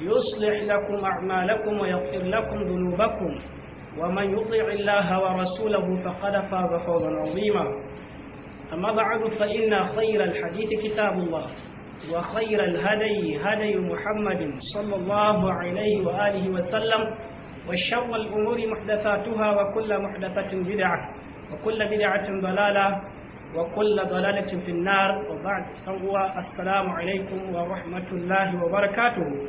يصلح لكم أعمالكم ويغفر لكم ذنوبكم ومن يطع الله ورسوله فقد فاز فوزا عظيما أما بعد فإن خير الحديث كتاب الله وخير الهدي هدي محمد صلى الله عليه وآله وسلم وشر الأمور محدثاتها وكل محدثة بدعة وكل بدعة ضلالة وكل ضلالة في النار وبعد wa السلام عليكم ورحمة الله وبركاته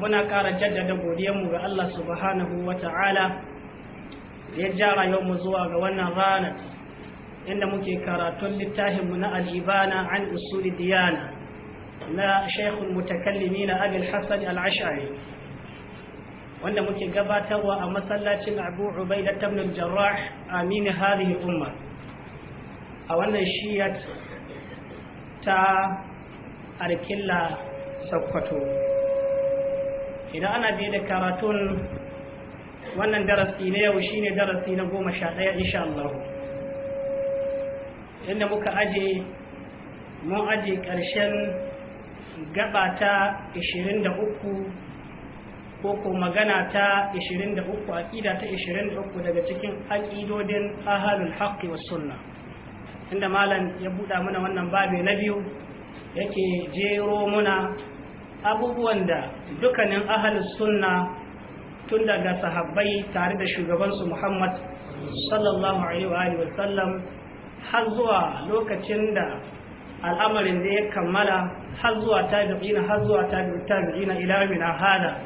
muna ƙara jaddada godiyanmu ga Allah subhanahu wa ta'ala ya jara yau mu zuwa ga wannan ranar inda muke karatun littafinmu na al'ibana an usuli diyana na shaikhul mutakallimi na abil hassan al'ashari wanda muke gabatarwa a masallacin abu ubaida tabnul jarrah amini hadhihi umma a wannan shiyar ta arkilla sakkwato idan ana biye da karatun wannan darasi na yau shine darasi na goma sha ɗaya insha Allah inda muka aje mun aje ƙarshen gaba ta 23 ko ko magana ta 23 aƙida ta 23 daga cikin aƙidodin ahlul haqqi was sunnah Inda malam ya buɗa mana wannan babi na biyu yake jero muna abubuwan da dukkanin ahalus sunna tun daga sahabbai tare da shugabansu muhammad sallallahu alaihi wa sallam har zuwa lokacin da al'amarin da ya kammala har zuwa tabi'ina har zuwa tabi'ina ila mina hada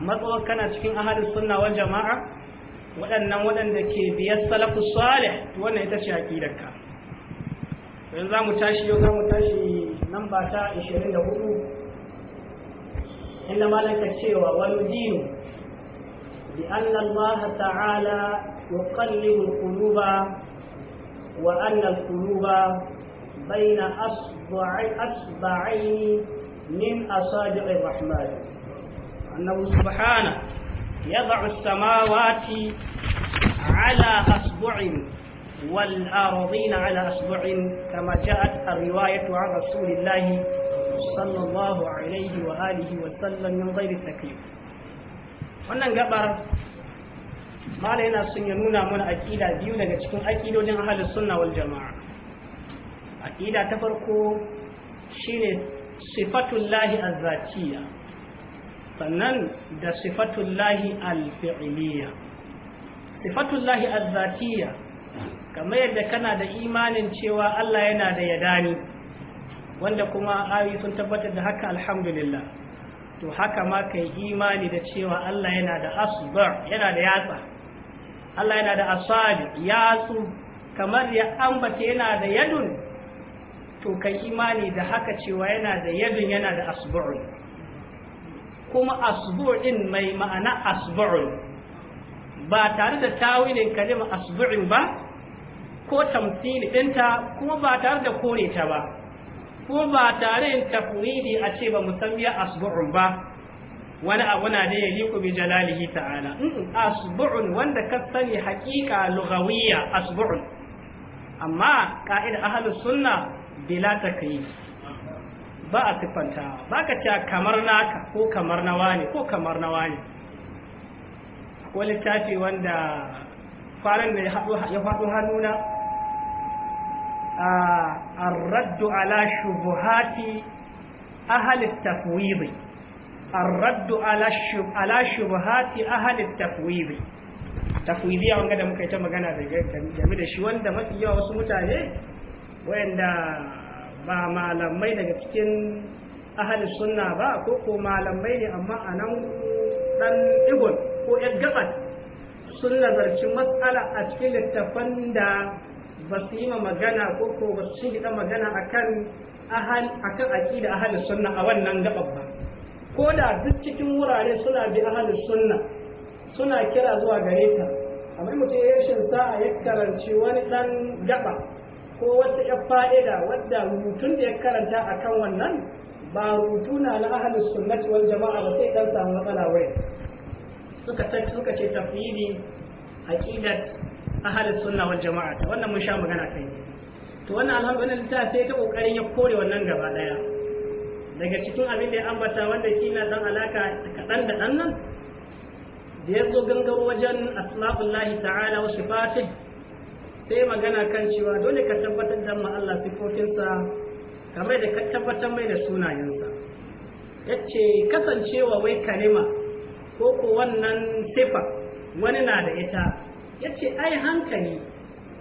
matsawar kana cikin ahalus sunna wal jama'a waɗannan waɗanda ke biyar salafus salih wannan ita ce aqidarka yanzu za mu tashi yau za mu tashi nan ba ta 24 inda malaka cewa wani dinu bi anna Allah ta'ala yuqallibu al-quluba wa anna al-quluba bayna asba'i asba'ayn min asabi' ar-rahman annahu subhana yad'u as-samawati ala asbu'in والآرضين على أصبع كما جاءت الرواية عن رسول الله صلى الله عليه وآله وسلم من غير تكليف wannan gabar mala yana sun ya nuna mana aƙida biyu daga cikin aƙidojin ahalus sunna wal jama'a aƙida ta farko shine sifatullahi azzatiya sannan da lahi sifatullahi alfi'liya sifatullahi azzatiya kamar yadda kana da imanin cewa Allah yana da yadani wanda kuma ayoyi sun tabbatar da haka alhamdulillah to haka ma kai imani da cewa Allah yana da asbar yana da yatsa Allah yana da asali, yatsu kamar ya ambata yana da yadun to kai imani da haka cewa yana da yadun yana da asbu'un kuma asbu'u din mai ma'ana asbu'un ba tare da tawilin kalimar asbu'in ba ko tamsili ɗinta kuma ba tare da kore ta ba kuma ba tare da tafwidi a ce ba musammiya asbu'un ba wani abu na da ya ku bi jalalihi ta'ala asbu'un wanda ka sani haƙiƙa lughawiyya asbu'un amma ka'ida ahlus sunna bila takyif ba a siffanta ba ka ta kamar naka ko kamar na wani ko kamar na wani ko littafi wanda kwanan da ya faɗo hannuna الرد على شبهات أهل التفويض الرد على على شبهات أهل wanga da muka yi ta magana da game da shi wanda mafi yawa wasu mutane wayanda ba malamai daga cikin ahli sunna ba ko ko malamai ne amma a nan dan ko yan gaban sun nazarci matsala a cikin littafan da ba su yi ma magana ko ko ba su shigida magana akan ahal kan aƙida ahalin sunna a wannan gaɓar ba ko da duk cikin wurare suna bi ahalin sunna suna kira zuwa gare ta amma mutum ya shin sa'a ya karanci wani ɗan gaɓa ko wata ya fa'ida wadda rubutun da ya karanta a kan wannan ba rubutu na na ahlus sunnati wal jama'a ba sai ɗan samu matsala wai suka suka ce tafsiri aqidat ahalus sunna wal jama'a ta wannan mun sha magana kai to wannan alhamdulillah ta sai ta kokarin ya kore wannan gaba daya daga cikin abin da ya ambata wanda shi na dan alaka kadan da dan nan da ya zo gangaro wajen asmaullah ta'ala wa sifatih sai magana kan cewa dole ka tabbatar da mu Allah sifofinsa kamar da ka tabbatar mai da sunayensa yace kasancewa wai kalima ko ko wannan sifa wani na da ita Ya ce ai hankali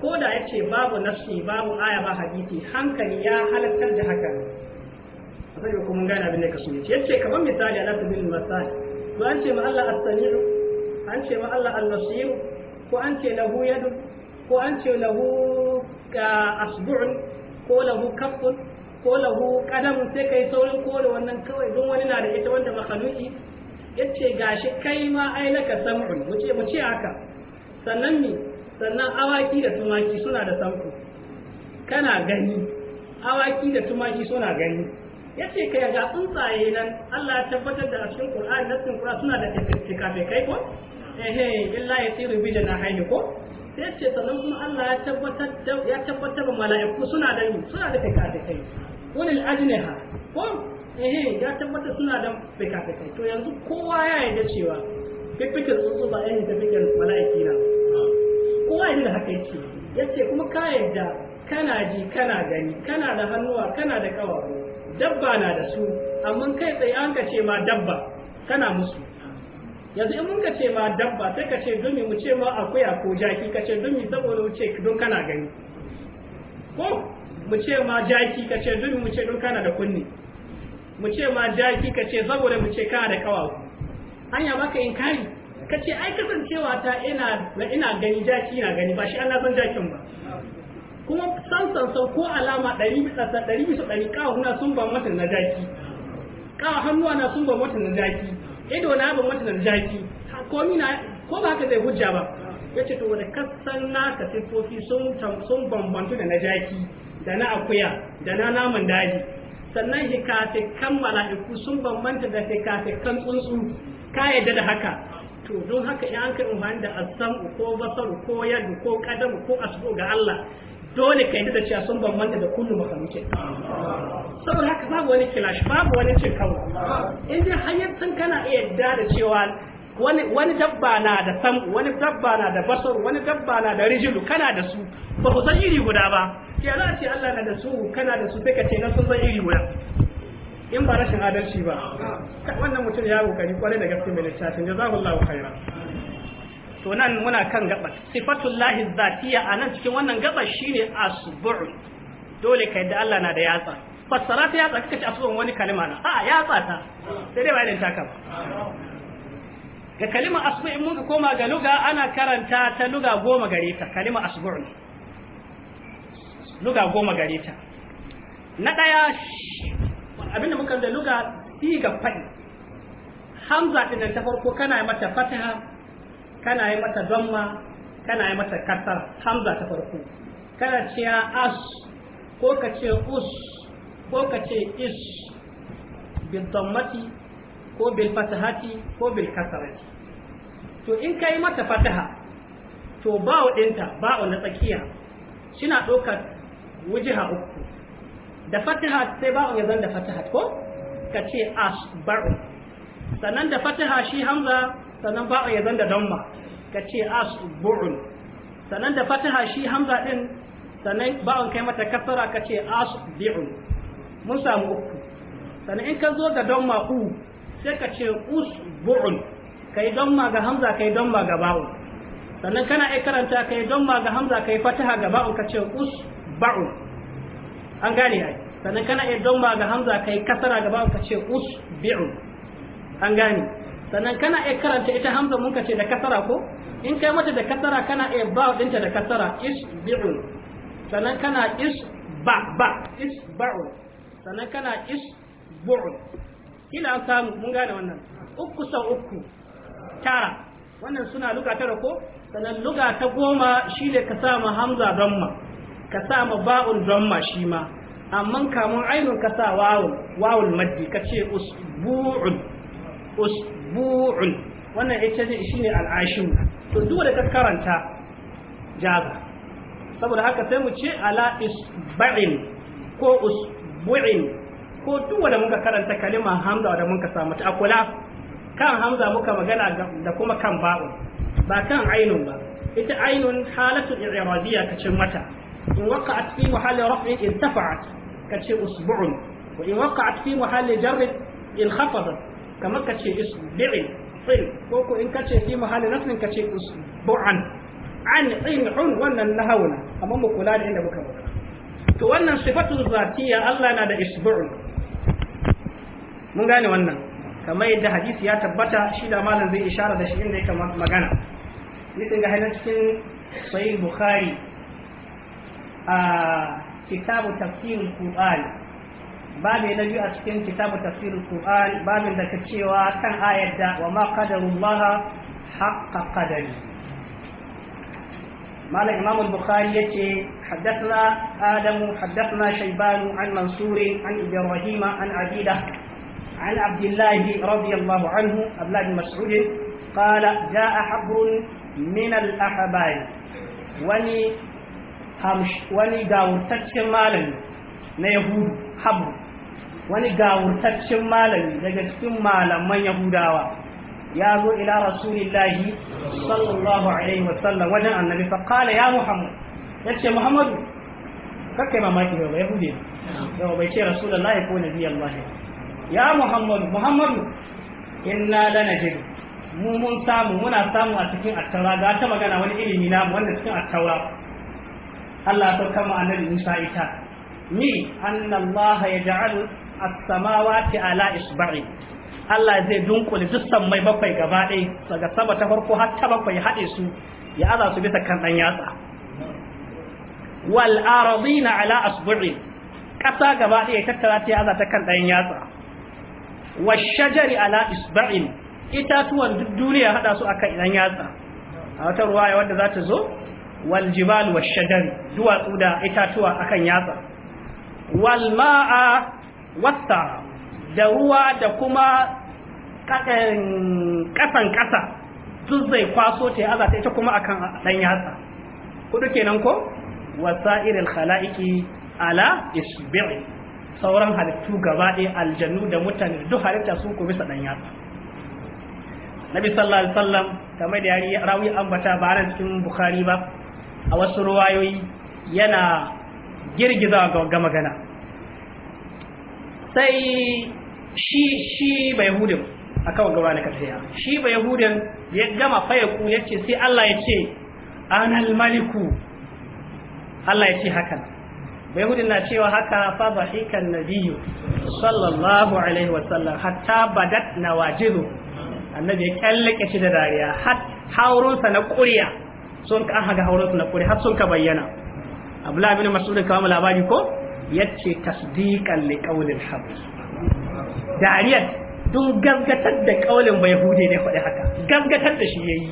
ko da ya ce babu nafsi babu aya ba hadisi hankali ya halattar da haka sai ko mun gane abin da kasu yace yace kamar misali ala sabilil masal to an ce ma Allah as-sami'u an ce ma Allah al-basir ko an ce lahu yadu ko an ce lahu ka asbu'un ko lahu kaffun ko lahu kadamun sai kai saurin kore wannan kawai don wani na da ita wanda makhluki yace gashi kai ma ai laka sam'un mu ce mu ce haka sannan ni sannan awaki da tumaki suna da sanku kana gani awaki da tumaki suna gani ya ce kai ga tsuntsaye nan Allah ya tabbatar da a cikin Qur'ani da cikin Qur'ani suna da tikafe kai ko eh illa yasiru bi jana hayni ko sai ce sannan kuma Allah ya tabbatar da ya tabbatar da mala'iku suna da suna da kai wani ajniha ko eh ya tabbatar suna da tikafe kai to yanzu kowa ya yarda cewa fiffikin tsuntsu ba irin fiffikin mala'iki na kowa da haka yake yace kuma ka yadda kana ji kana gani kana da hannuwa kana da kawabu dabba na da su amma kai tsaye an ka ce ma dabba kana musu yanzu in ka ce ma dabba sai ka ce dumi mu ce ma akuya ko jaki ka ce dumi saboda wuce don kana gani ko mu ce ma jaki ka ce dumi mu ce don kana da kunni mu ce ma jaki ka ce saboda mu ce kana da kawabu hanya baka inkari ka ce ai kasancewa ta ina ina gani jaki na gani ba shi Allah san jakin ba kuma san san sau ko alama ɗari 100 ɗari ɗari kawo na sun ba mata na jaki kawo hannuwa na sun ba mata na jaki ido na ba mata na jaki komi na ko ba ka zai hujja ba ya ce to wani kasan naka siffofi sun bambantu da na jaki da na akuya da na naman daji sannan kan mala'iku sun bambanta da kan tsuntsu ka yadda da haka to don haka in an kai umarni da asamu ko basaru ko yadu ko kadamu ko asbu ga Allah dole ka yadda da cewa sun bambanta da kullu makaluke saboda haka babu wani kilash babu wani cin kawo in dai hanyar sun kana iya yadda da cewa wani wani dabba na da sam wani dabba na da basar wani dabba na da rijilu kana da su ba ku san iri guda ba ke za ce Allah na da su kana da su sai ka ce na sun san iri guda in ba rashin adalci ba wannan mutum ya kokari kwarai da gaske mai littafin jazakallahu khairan to nan muna kan gabas sifatul lahi zatiya a nan cikin wannan gabas shine asbu'u dole kai da Allah na da yatsa fassara ta yatsa a asbu'un wani kalima na a yatsa ta sai dai bayanin taka ba ga kalima in mun koma ga luga ana karanta ta luga goma gare ta kalima asbu'un luga goma gare ta na daya abinda muka da luga ga fadi hamza din ta farko kana yi mata fataha kana yi mata damma kana yi mata kasar hamza ta farko kana cewa as ko ka ce us ko ka ce is bil dammati ko bil fatahati ko bil kasarati to in kai mata fataha to ba'u ɗinta ba'u na tsakiya suna ɗaukar wujiha uku da fataha sai ba'un ya zan da fataha ko ka ce asbaru sannan da fataha shi hamza sannan ba'un ya zan da damma ka ce asbu'un sannan da fataha shi hamza din sannan ba'un kai mata kasara ka ce bi'un, mun samu uku sannan in ka zo da damma ku, sai ka ce us usbu'un kai damma ga hamza kai damma ga ba'un sannan kana iya karanta ka yi don ga hamza ka yi fataha ga ba'un ka ce us ba'un an gane ai sannan kana iya don ga hamza kai kasara gaba ka ce usbi'u an gane sannan kana iya karanta ita hamza mun ka ce da kasara ko in kai mata da kasara kana iya ba dinta da kasara isbi'u sannan kana is ba ba isba'u sannan kana isbu'u kila an samu mun gane wannan uku sau uku tara wannan suna luka tara ko sannan luka ta goma shi ne ka sa ma hamza don ma ka sa ma ba'un don ma shi ma amma kamun ainun ka sa wawul maddi ka ce usbu'un usbu'un wannan ita ne shine al'ashin to duk da ka karanta jaza saboda haka sai mu ce ala isba'in ko usbu'in ko duk wanda muka karanta kalimar hamza da muka samu ta akula kan hamza muka magana da kuma kan ba'u ba kan ainun ba ita ainun halatu i'radiyya kacin mata in waqa'at fi mahalli raf'in intafa'at كتشي أسبوع وإن وقعت في محل جر انخفضت كما كتشي أسبوع طين كوكو إن كتشي في محل نصب كتشي أسبوعا عن طين حن ولا النهونا أما مقولان عند مكبر to wannan sifatu zatiya Allah na da isbu'un mun gane wannan kamar yadda hadisi ya tabbata shi da malam zai ishara da shi inda ya kamata magana nisan ga cikin sahih bukhari a ah, kitabu tafsirul qur'an babu na biyu a cikin kitabu tafsirul qur'an babin da ta cewa kan ayar da wa ma qadarullaha haqqa qadari malam imam al-bukhari yace حدثنا آدم حدثنا شيبان عن منصور عن إبراهيم عن عبيدة عن عبد kala رضي الله عنه عبد الله بن مسعود wani gawurtaccen malami na yahudu habru wani gawurtaccen malami daga cikin malaman yahudawa ya zo ila rasulillahi sallallahu alaihi wasallam wajen annabi fa qala ya muhammad yace muhammadu kakkai mamaki ba ya? yau bai ce rasulullahi ko nabi allah ya muhammadu muhammadu inna lanajid mu mun samu muna samu a cikin attaura ga ta magana wani ilimi na wanda cikin attaura Allah ya sauka mu annabi Musa ita ni anna Allah yaj'alu as-samawati ala isba'i Allah zai dunkule duk mai bakwai gaba ɗaya daga sama ta farko har ta bakwai haɗe su ya aza su bisa kan ɗan yatsa wal aradina ala asbu'i ƙasa gaba ɗaya tattara ta aza ta kan ɗan yatsa wash shajari ala isba'in itatuwan duk duniya haɗa su akan ɗan yatsa a wata ruwaya wadda za ta zo Waljibal jibal wash duwatsu da itatuwa akan yatsa wal ma'a da ruwa da kuma kasan ƙasa duk zai kwaso ta yaza ta ita kuma akan dan yatsa kudu kenan ko wasairil khalaiqi ala isbi'i sauran halittu gabaɗaya aljannu da mutane duk halitta su ku bisa dan yatsa nabi sallallahu alaihi wasallam kamar da yari rawi ambata ba ran cikin bukhari ba a wasu ruwayoyi yana girgiza ga magana sai shi shi bai a akan gaba na kasaya shi bai hudu ya gama fayaku ya ce sai Allah ya ce anal maliku Allah ya ce hakan bai hudu na cewa haka fa na biyu. sallallahu alaihi wasallam hatta badat wajiru annabi ya kyallake shi da dariya har haurunsa na ƙurya sun ka haga hauren su na kure har sun ka bayyana abdullahi bin mas'ud ka mu labari ko yace tasdiqan li qawlil hab dariyat dun gaggatar da kaulin bai hude ne fadi haka gaggatar da shi yayi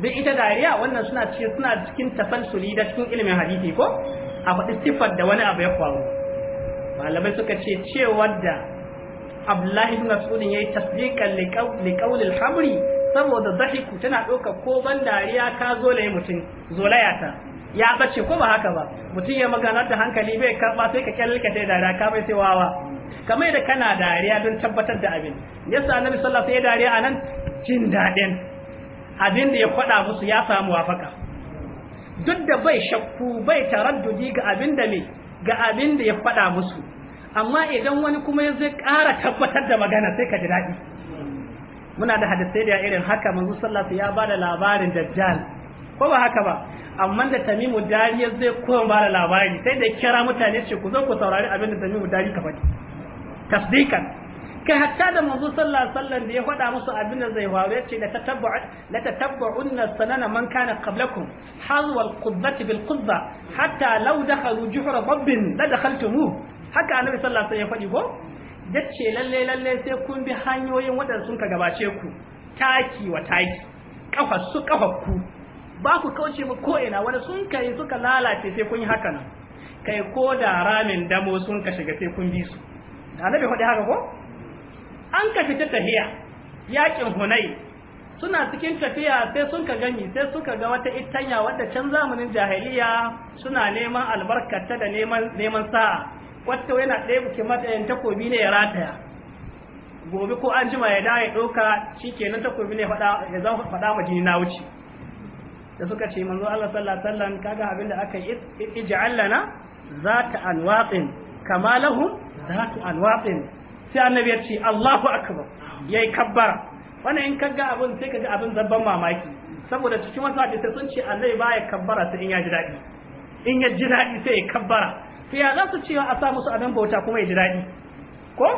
bi ita dariya wannan suna cikin suna cikin tafalsuli da cikin ilimin hadisi ko a faɗi sifar da wani abu ya faru malamai suka ce cewa da abdullahi bin mas'ud yayi tasdiqan li qawlil hamri saboda Zahiku tana ɗaukar ko ban dariya ka zolaye mutum zolaya ta ya bace ko ba haka ba mutum ya magana da hankali bai karba sai ka kyalle ka dariya ka bai sai wawa kamar da kana dariya don tabbatar da abin yasa annabi sallallahu alaihi wasallam ya dariya anan jin dadin abin da ya faɗa musu ya samu wafaka duk da bai shakku bai taraddudi ga abin da me ga abin da ya faɗa musu amma idan wani kuma ya zai ƙara tabbatar da magana sai ka ji daɗi muna da hadisai da irin haka manzo sallallahu ya bada labarin dajjal ko ba haka ba amma da tamimu dari zai kuma bada labari sai da kira mutane ce ku zo ku saurari abin da tamimu dari ka faɗi tasdikan kai hatta da manzo sallallahu alaihi wasallam da ya faɗa musu abin da zai faru yace la tatabbu la tatabbu'unna sanana man kana qablakum hazwa al-qubbati bil qubba hatta law dakhalu juhra rabbin la dakhaltumuh haka annabi sallallahu alaihi wasallam ya faɗi ko yace lalle lalle sai kun bi hanyoyin waɗanda sun ka gabace ku taki wa taki kafa su kafa ku ba ku kauce mu ko ina wani sun kai suka lalace sai kun yi haka nan kai ko da ramin damo sun ka shiga sai kun bi su Da annabi faɗi haka ko an ka fita tahiya yakin hunai suna cikin tafiya sai sun ka gani sai suka ga wata itanya wadda can zamanin jahiliya suna neman albarkata da neman neman sa'a kwatta yana ɗaya buke matsayin takobi ne ya rataya gobe ko an jima ya da ya ɗauka shi kenan takobi ne ya zan faɗa ma jini na wuce da suka ce manzo Allah sallallahu alaihi wasallam kaga abinda aka ij'al lana zata anwaqin kama lahum zatu anwaqin sai annabi ya ce Allahu akbar yayi kabbara wannan in kaga abin sai kaga abin zabban mamaki saboda cikin wasu hadisi sun ce annabi baya kabbara sai in ya ji daɗi in ya ji daɗi sai ya kabbara to ya za su cewa a sa musu abin bauta kuma ya ji daɗi ko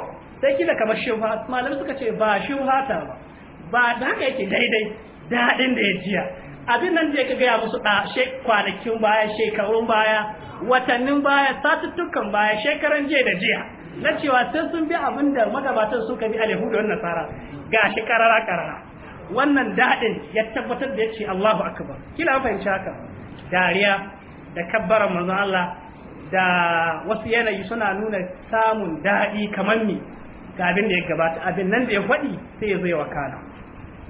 sai kila kamar shubha malamai suka ce ba shubha ta ba ba da haka yake daidai daɗin da ya jiya abin nan da ya gaya musu da kwanakin baya shekarun baya watannin baya satuttukan baya shekaran jiya da jiya na cewa sai sun bi abin da magabatan suka bi da wannan nasara ga shi karara karara wannan daɗin ya tabbatar da ya ce Allahu akbar kila an fahimci haka dariya da kabbaran manzon Allah da wasu yanayi suna nuna samun daɗi kamar mi ga abin da ya gabata abin nan da ya faɗi sai ya zo zai wakana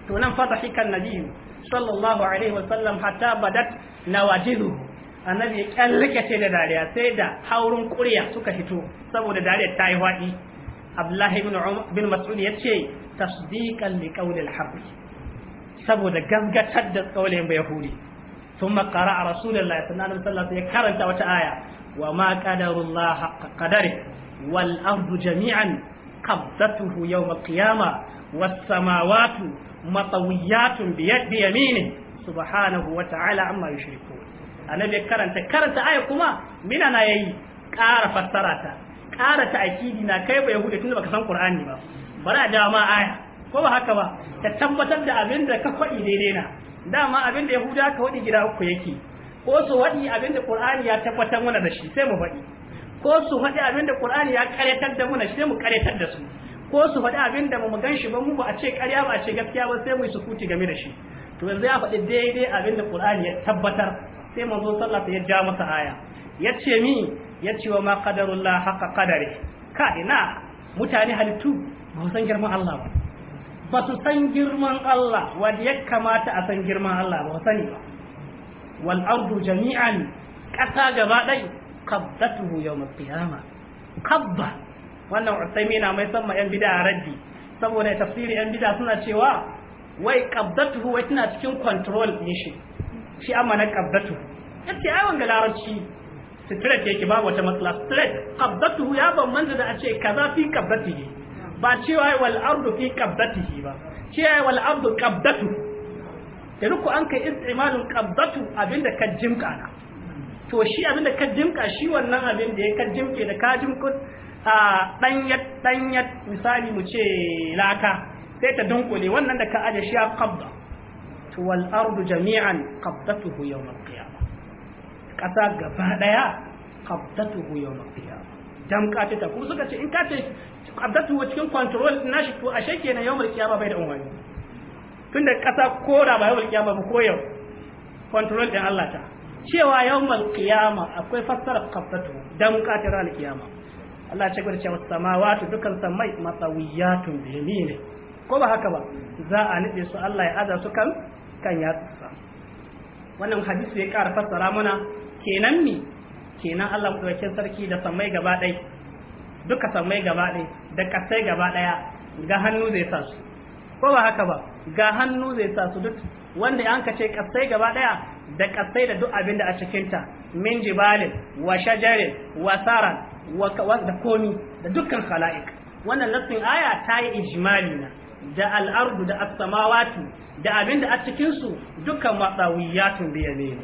to nan fatahi kan nabi sallallahu alaihi wa sallam hatta badat nawajihu annabi ya kyallake da dariya sai da haurin ƙurya suka fito saboda dariya ta yi faɗi abdullahi bin mas'ud ya ce tasdiqan li qawli al saboda gaskatar da kaulin bai yahudi ثم قرأ رسول الله صلى الله عليه وسلم يكرنت وتآية wa ma qadarullah haqqa qadari wal ardu jami'an qabdatuhu yawm al qiyamah was samawati matawiyatun bi yadi yamini subhanahu wa ta'ala amma yushrikun annabi karanta karanta aya kuma mina na yayi ƙara fassara ta ƙara ta akidi na kai ba yahudi tunda baka san qur'ani ba bari a jawo ma aya ko ba haka ba ka tabbatar da abinda da ka faɗi daidai na dama abin da yahuda ka faɗi gida uku yake ko su faɗi abin da Qur'ani ya tabbatar mana da shi sai mu faɗi ko su faɗi abin da Qur'ani ya karyatar da muna sai mu karyatar da su ko su faɗi abin da mu gan shi ba mu ba a ce ƙarya ba a ce gaskiya ba sai mu yi kuti game da shi to yanzu ya faɗi daidai abin da Qur'ani ya tabbatar sai manzon sallah ya ja masa aya ya ce mi ya ce wa ma qadarullah haqa qadari ka ina mutane halittu ba san girman Allah ba ba su san girman Allah wanda ya kamata a san girman Allah ba sani ba wal jami'an ƙasa gaba dai qabdatuhu yawm al-qiyama qabba wannan usaimi na mai san ma yan bid'a raddi saboda tafsiri yan bid'a suna cewa wai qabdatuhu wai tana cikin control ne shi shi amma na qabdatuhu yace ai wanga larabci straight yake babu wata matsala straight qabdatuhu ya bambanta da a ce kaza fi qabdatihi ba cewa wal ardu fi qabdatihi ba cewa wal ardu qabdatuhu da ruku an kai istimalin qabbatu abinda ka jimka na to shi abinda ka jimka shi wannan abin da ya ka jimke da ka jimko a danyat danyat misali mu ce laka sai ta dunkule wannan da ka aje shi ya qabba to wal ardu jami'an qabdatuhu yawm al qiyamah kasa gaba daya qabdatuhu yawm al qiyamah damka ta kuma suka ce in ka ce qabdatuhu cikin control nashi to ashe kenan yawm al qiyamah bai da umani tunda ko da ba yawon kiyama ba ko yau control ɗin Allah ta cewa yawon kiyama akwai fassara qabdatu don mukatar al kiyama Allah ya cewa sama samawati dukan samai matawiyatun bi ne ko ba haka ba za a nade su Allah ya aza su kan kan ya tsa wannan hadisi ya ƙara fassara muna kenan ni? kenan Allah mutawakin sarki da samai gaba ɗai duka samai gaba ɗai da kasai gaba ɗaya ga hannu zai sa su ko ba haka ba ga hannu zai sa su duk wanda an ka ce kasai gaba daya da kasai da duk abin da a cikinta min jibalin wa shajarin wa saran da komi da dukkan khala'ik wannan nassin aya ta yi ijmali na da al'ardu da as-samawati da abin da a cikin su dukkan matsawiyatun biya ne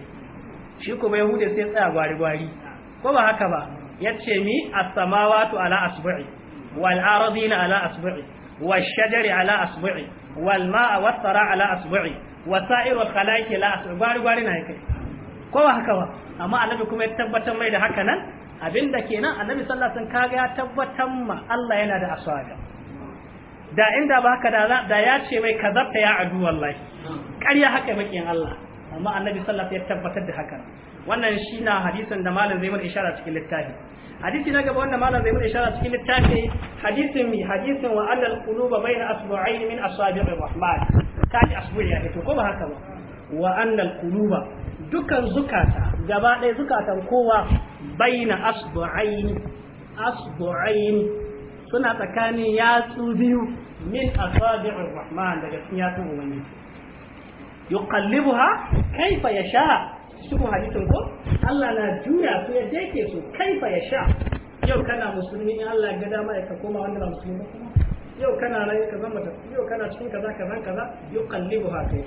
shi kuma yahude sai tsaya gwari gwari ko ba haka ba yace mi as-samawatu ala asbu'i wal ardina ala asbu'i wash shajari ala asbu'i wal ma'a wasara ala asbu'i wa sa'iru khalaiq la asbu gwari na yake ko ba haka ba amma annabi kuma ya tabbatar mai da haka nan abinda kenan annabi sallallahu alaihi wasallam kaga ya tabbatar ma Allah yana da aswaga da inda ba haka da ya ce mai kazabta ya adu wallahi ƙarya haka makiyin Allah amma annabi sallallahu alaihi wasallam ya tabbatar da haka wannan shi na hadisin da malam zai mana ishara cikin littafi hadisi na gaba wanda malam zai mun ishara cikin littafi hadisin mi hadisin wa annal quluba bayna min asabi'ir rahman asbu'i ya to ba haka ba wa annal quluba dukan zukata gaba ɗaya zukatan kowa bayna asbu'ain suna tsakanin yatsu biyu min asabi'ir rahman daga cikin yatsun ubangiji yuqallibuha kaifa yasha cikin hadisin ko Allah na juya su yadda su, kai kaifa ya sha yau kana musulmi in Allah ya ga dama ya koma wanda ba musulmi ba yau kana rai ka zama ta yau kana cikin kaza kaza kaza kallibu ha kai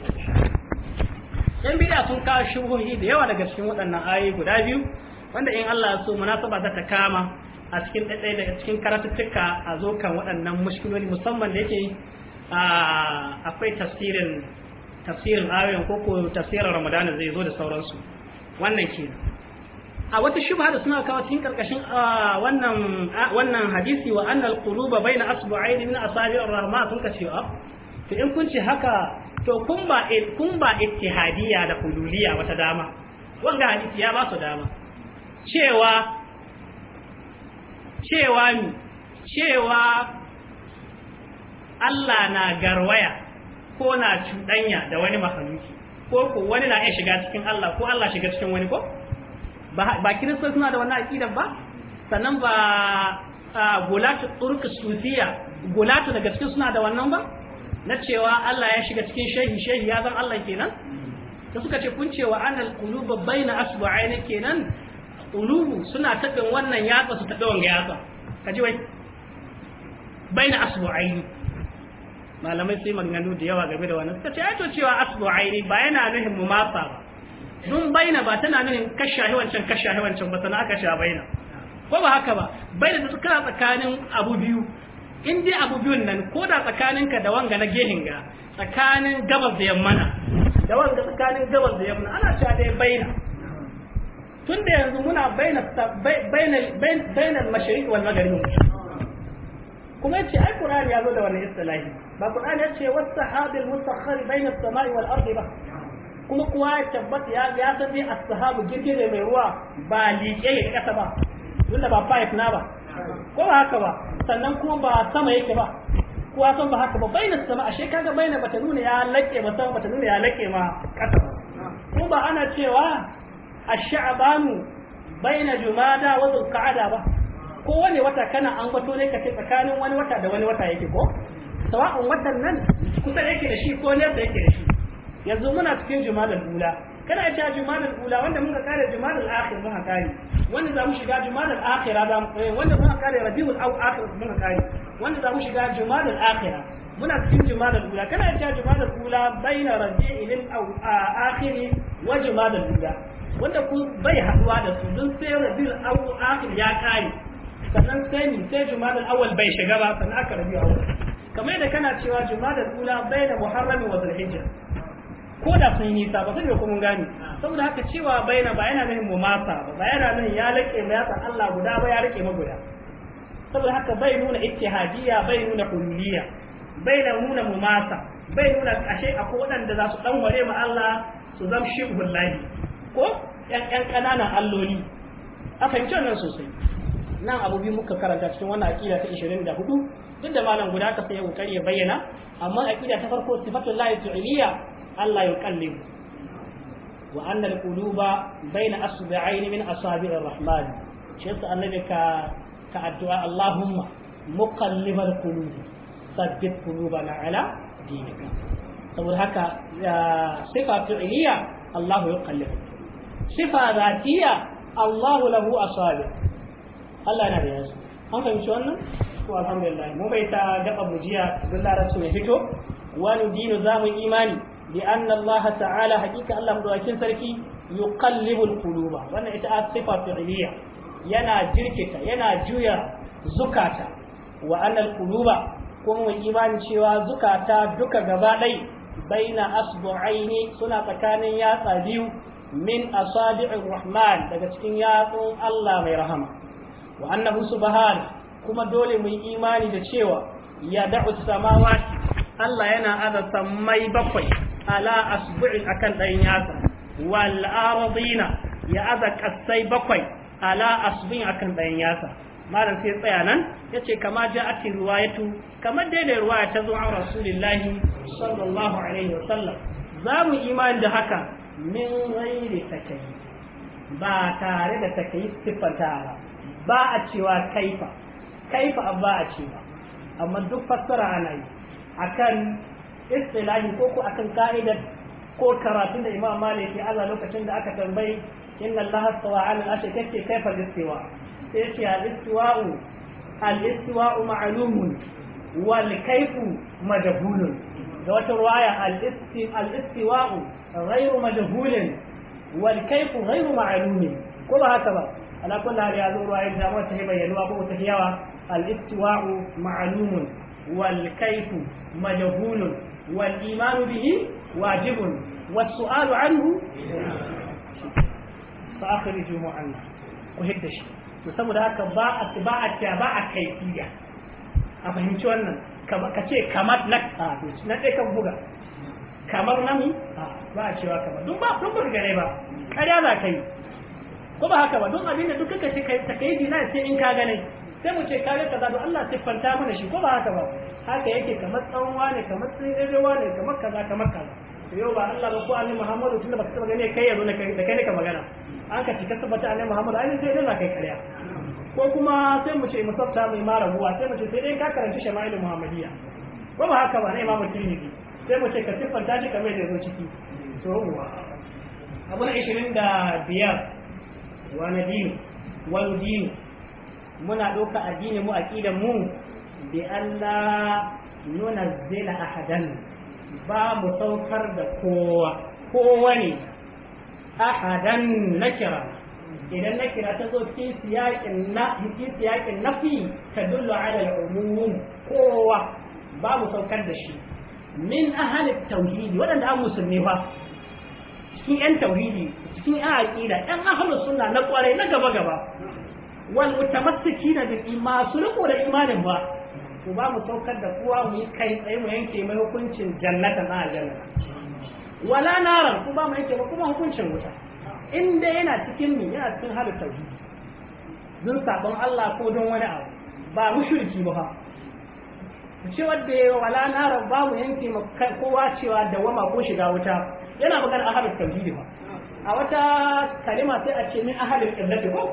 yan bid'a sun kawo shubuhi da yawa daga cikin waɗannan ayoyi guda biyu wanda in Allah ya so munasaba za ta kama a cikin ɗaiɗai daga cikin karatuttuka a zo kan waɗannan mushkiloli musamman da yake ah, akwai tafsirin tafsirin ayoyin ko ko tafsirin ramadana zai zo da sauransu wannan ke a wata shubha da suna kawo cikin karkashin wannan hadisi wa annal quluba baina asbu'aini min asabi'ir rama sun ka cewa ah, to in kun ce haka to kun ba kun ba da hululiyya wata dama wanga hadisi ya ba su dama cewa cewa ni cewa Allah na garwaya ko na cuɗanya da wani mahaluki ko ko wani na iya shiga cikin Allah ko Allah shiga cikin wani ko ba kirista suna da wannan aqidar ba sannan ba gulatu turk sufiya gulatu daga cikin suna da wannan ba na cewa Allah ya shiga cikin shehi shehi ya zan Allah kenan da suka ce kun cewa anal quluba baina asba'aini kenan qulubu suna taɓin wannan yatsa su tabi wanga yatsa kaji wai baina asba'aini malamai sai maganganu da yawa game da wannan suka ce ai to cewa asbu aini ba yana nuhin mumasa ba dun baina ba tana nuhin kashahi wancan kashahi wancan ba sana aka sha baina ko ba haka ba baina da suka tsakanin abu biyu in dai abu biyun nan ko da ka da wanga na gehin ga tsakanin gabas da yamma da wanga tsakanin gabas da yamma ana cewa dai baina tun da yanzu muna baina baina baina al-mashariq wal maghrib kuma yace ai qur'ani ya zo da wannan istilahi ba Qur'ani yace was sahabil musakhkhari bai na samai wal ardi ba kuma kuwa ya tabbata ya ya san dai as-sahabu girgije mai ruwa ba liƙe ya kasa ba tunda ba pipe na ba ko ba haka ba sannan kuma ba sama yake ba kuwa san ba haka ba bai na sama ashe kaga bayna bata nuna ya laƙe ba sama bata nuna ya laƙe ma kasa ba ko ba ana cewa ash-sha'banu bayna jumada wa dhul qa'ada ba ko wani wata kana an gwato ne kace tsakanin wani wata da wani wata yake ko sawa'un watan nan kusa yake da shi ko nesa yake da shi yanzu muna cikin jumalar ula kana ta jumalar ula wanda muka kare jumalar akhir muka kare wanda za mu shiga jumalar akhira da eh, wanda muka kare rabiul aw akhir muka kare wanda za mu shiga jumalar akhira muna cikin jumalar ula kana ta jumalar ula baina rabi'il aw akhir wa jumalar ula wanda ku bai haduwa da su dun sai rabiul aw akhir ya kare sannan sai ni sai jumalar awal bai shiga ba sannan aka rabiul awal kamar da kana cewa jumadal bai baina muharramin wa zulhijja ko da sun yi nisa ba sun yi mun gane saboda haka cewa baina ba yana nufin mumasa ba ba yana nufin ya lake ma ya san Allah guda ba ya rike ma guda saboda haka bai nuna ittihadiyya bai nuna kulliyya bai nuna masa bai nuna ashe akwai waɗanda za su dan ware ma Allah su zam shi ko yan yan kananan alloli a fahimci wannan sosai nan abu biyu muka karanta cikin wannan aqida ta 24 duk da malam guda ka sai ya kokari ya bayyana amma aqida ta farko sifatul lahi tu'liya Allah ya kallim wa anna al-quluba bayna asbi'ain min asabi'ir rahman shi yasa annabi ka ka addu'a Allahumma muqallibal qulub sabbit qulubana ala dinika saboda haka sifa tu'liya Allah ya kallim sifa zatiya Allah lahu asabi' Allah yana da yasu an fahimci wannan to alhamdulillah mu bai ta gaba mujiya duk larabci mai fito wani dinu zamu imani bi anna Allah ta'ala hakika Allah mudaukin sarki yuqallibul quluba wannan ita sifa fi'liya yana jirkita yana juya zukata wa anna quluba kuma mu imani cewa zukata duka gaba dai baina asbu'aini suna tsakanin yatsa biyu min asabi'ir rahman daga cikin yatsun Allah mai rahama wa annahu subhanahu kuma dole mu yi imani da cewa ya da'u samawati Allah yana aza samai bakwai ala asbu'in akan ɗayan yatsa wal ardina ya aza kasai bakwai ala asbu'in akan ɗayan yatsa malam sai tsaya nan yace kama ja ja'ati riwayatu kamar ya riwaya ta zuwa rasulullahi sallallahu alaihi wasallam za mu imani da haka min ghairi takayi ba tare da takayi siffanta ba ba a cewa kaifa kaifa ba a cewa amma duk fassara ana yi akan istilahi ko ko akan ka'idar ko karatun da imam malik ya aza lokacin da aka tambayi inna allah tawa ala al kake kaifa istiwa sai ce al-istiwa'u al-istiwa'u ma'lumun wal kaifu majhulun da wata ruwaya al-istiwa'u ghayru majhulin wal kaifu ghayru ma'lumin ko ba haka ba ala kulli hal yazuru zo ruwa ya samu ta bayyana ko ta yawa al istiwa'u ma'lumun wal kayfu majhulun wal imanu bihi wajibun was su'alu anhu fa akhrijuhu anna ku hidda shi to saboda haka ba a ba a ba a kaifiya a fahimci wannan ka ce kamar na na dai kan buga kamar nami ba a cewa kamar Don ba dun ba ba ƙarya za ka yi ko ba haka ba don abin da duk kaka ce kai dina sai in ka gane sai mu ce ka ga kaza don Allah siffanta mana shi ko ba haka ba haka yake kamar tsawon wane kamar tsirewa ne kamar kaza kamar kaza to yau ba Allah ba ko annabi Muhammadu tunda baka taba gane kai yanzu da kai ne ka magana an ka tika tabbata annabi Muhammadu ai sai dai kai karya ko kuma sai mu ce musafta mai mara ruwa sai mu ce sai dai ka karanci shama'il Muhammadiya ko ba haka ba na Imam Tirmidhi sai mu ce ka siffanta shi kamar da yazo ciki to abu na 25 wani dinu wani dinu muna ɗauka addini mu aƙidan mu bi Allah nuna zila ahadan ba mu saukar da kowa kowa ne ahadan na kira idan na kira ta zo cikin siyaƙin na cikin siyaƙin nafi ta dullu ala umum kowa ba mu saukar da shi min ahalit tauhidi waɗanda an musulmi ba cikin 'yan tauhidi cikin yan aƙida yan ahlus sunna na kwarai na gaba gaba wal mutamassikina da iman masu riko da imanin ba to ba mu saukar da kowa mu yi kai tsaye mu yanke mai hukuncin jannata na aljanna wala naran ku ba mu yanke ba kuma hukuncin wuta in dai yana cikin ni yana cikin halin tauhidi zun sabon Allah ko don wani abu ba mushriki ba ce wanda ya wala naran ba mu yanke ma kowa cewa da wama ko shiga wuta yana magana a halin tauhidi ba a wata kalima sai a ce min ahalin qiblati ko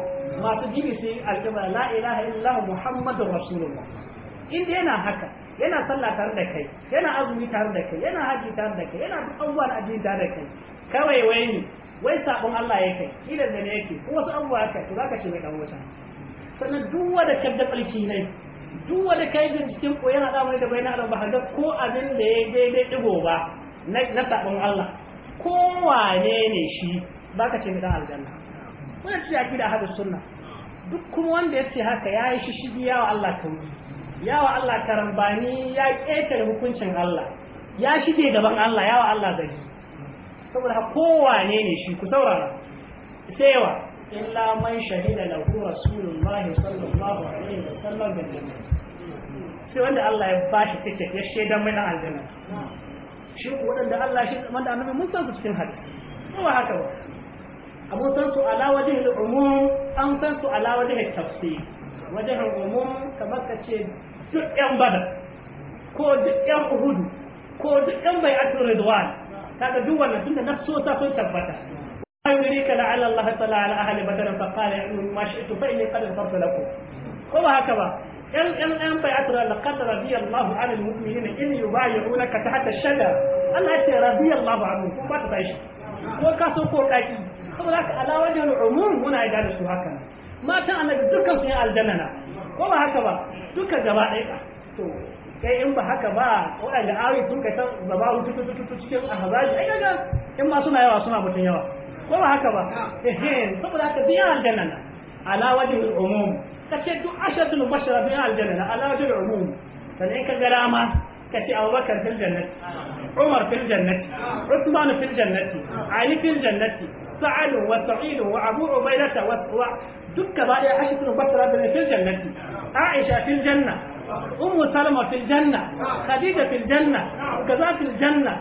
masu jibi sai yi la ilaha illallah muhammadur rasulullah inda yana haka yana sallah tare da kai yana azumi tare da kai yana haji tare da kai yana duk abubuwa da addini tare da kai kawai wai ne wai sabon Allah ya kai kilan da ne yake ko wasu abubuwa haka to zaka ce mai dan wuta sannan duk wanda ke da balki ne duk wanda kai cikin ko yana da wani da bayanan ba ko abin da ya daidai digo ba na sabon Allah Ko wane ne shi ka ce dan aljanna wannan ce akida hadis sunna duk kuma wanda ya yace haka yayi shi shigi yawa Allah kauri yawa Allah karambani ya ƙetare hukuncin Allah ya shige gaban Allah yawa Allah gari saboda ko wane ne shi ku saurara sewa illa man shahida lahu rasulullahi sallallahu alaihi wasallam bil janna sai wanda Allah ya bashi ticket ya shaidan mai dan aljanna shi waɗanda Allah shi wanda annabi mun san su cikin hadisi ko ba haka ba amma san su ala wajhi al-umum an san su ala wajhi al-tafsir wajen al kamar ka ce duk yan badar ko duk yan uhudu ko duk yan bai'atul ridwan kaga duk wannan tunda nafsota sun tabbata يريك لعل الله تعالى على اهل بدر فقال ما شئت فاني قد غفرت لكم ko ba haka ba ان ان ان بيعت لقد رضي الله عن المؤمنين ان يبايعونك تحت الشجر الله يا رضي ta عنهم كم بات تعيش وكاسو كوكاكي saboda haka ala wajen umum muna yarda da su haka nan annabi dukkan su aljanna na ko ba haka ba duka gaba ɗaya to kai in ba haka ba waɗanda awi sun kai san ba hutu tutu cikin ahzaji ai kaga in ma suna yawa suna mutun yawa ko ba haka ba eh saboda haka biya aljanna na ala wajhil umum تكيد أشد البشرة من الجنة على وجه العموم فلينك الجرامة كتي أبو بكر في الجنة عمر في الجنة عثمان في الجنة علي في الجنة سعد وسعيد وعبو عبيدة ودك بعد عشرة بشرة في الجنة عائشة في الجنة ummu salama fil janna khadija fil janna kaza fil janna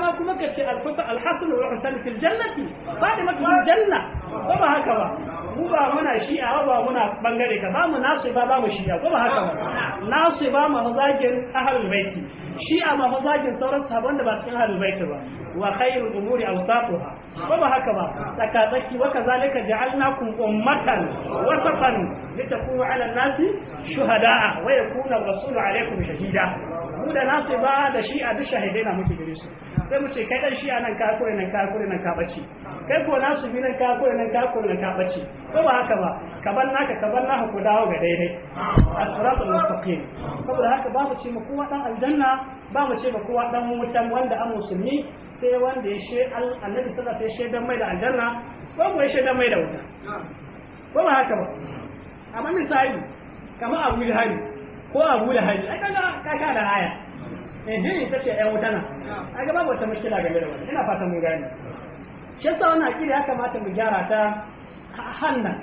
ma kuma ka ce al-hasan al-hasan wal husain fil jannati fatima fil haka ba mu ba muna shi'a ba muna bangare ka ba mu ba ba shi'a ko haka ba nasu ba shi'a ma sauran sabon da ba cikin ba wa khairul umuri awsatuha ba ba haka ba tsakatsaki wa kazalika ja'alnakum ummatan wasatan litakunu 'ala an-nasi shuhada'a wa yakuna ar-rasulu 'alaykum shahida mu da nasu ba da shi a duk shahidai na muke gare su sai mu ce kai dan shi anan ka kore nan ka kore nan ka bace kai ko nasu bi nan ka kore nan ka kore nan ka bace ba ba haka ba kaban naka kaban naka ku dawo ga daidai as-siratul mustaqim saboda haka ba mu ce mu kowa dan aljanna ba mu ce mu kowa dan wutan wanda an musulmi sai wanda ya she annabi sallallahu alaihi wasallam mai da aljanna ko kuma shaidan mai da wuta ko ba haka ba amma misali kamar Abu Lahab ko Abu Lahab ai kaga ka sha da aya eh din ita ce ɗan wuta na ga babu wata mushkila game da wannan ina fata mun gane shi yasa wannan akida ya kamata mu gyara ta hannan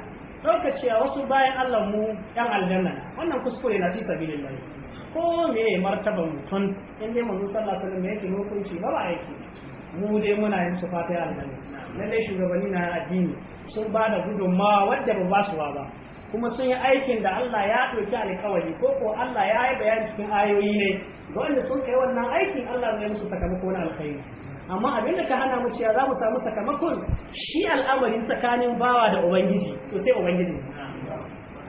Lokaci cewa wasu bayan Allah mu ɗan aljanna wannan kuskure na fi sabilillah ko me martaban mutum in dai manzo sallallahu alaihi wasallam yake hukunci ba ba yake mu dai muna yin su fata alƙali. na lallai shugabanni na addini sun ba da gudunmawa wadda ba ba su ba kuma sun yi aikin da Allah ya ɗauki alƙawari ko ko Allah ya yi bayani cikin ayoyi ne ga wanda sun kai wannan aikin Allah zai musu sakamako na alkhairi amma abin da ka hana mu cewa za mu samu sakamakon shi al'amarin tsakanin bawa da ubangiji to sai ubangiji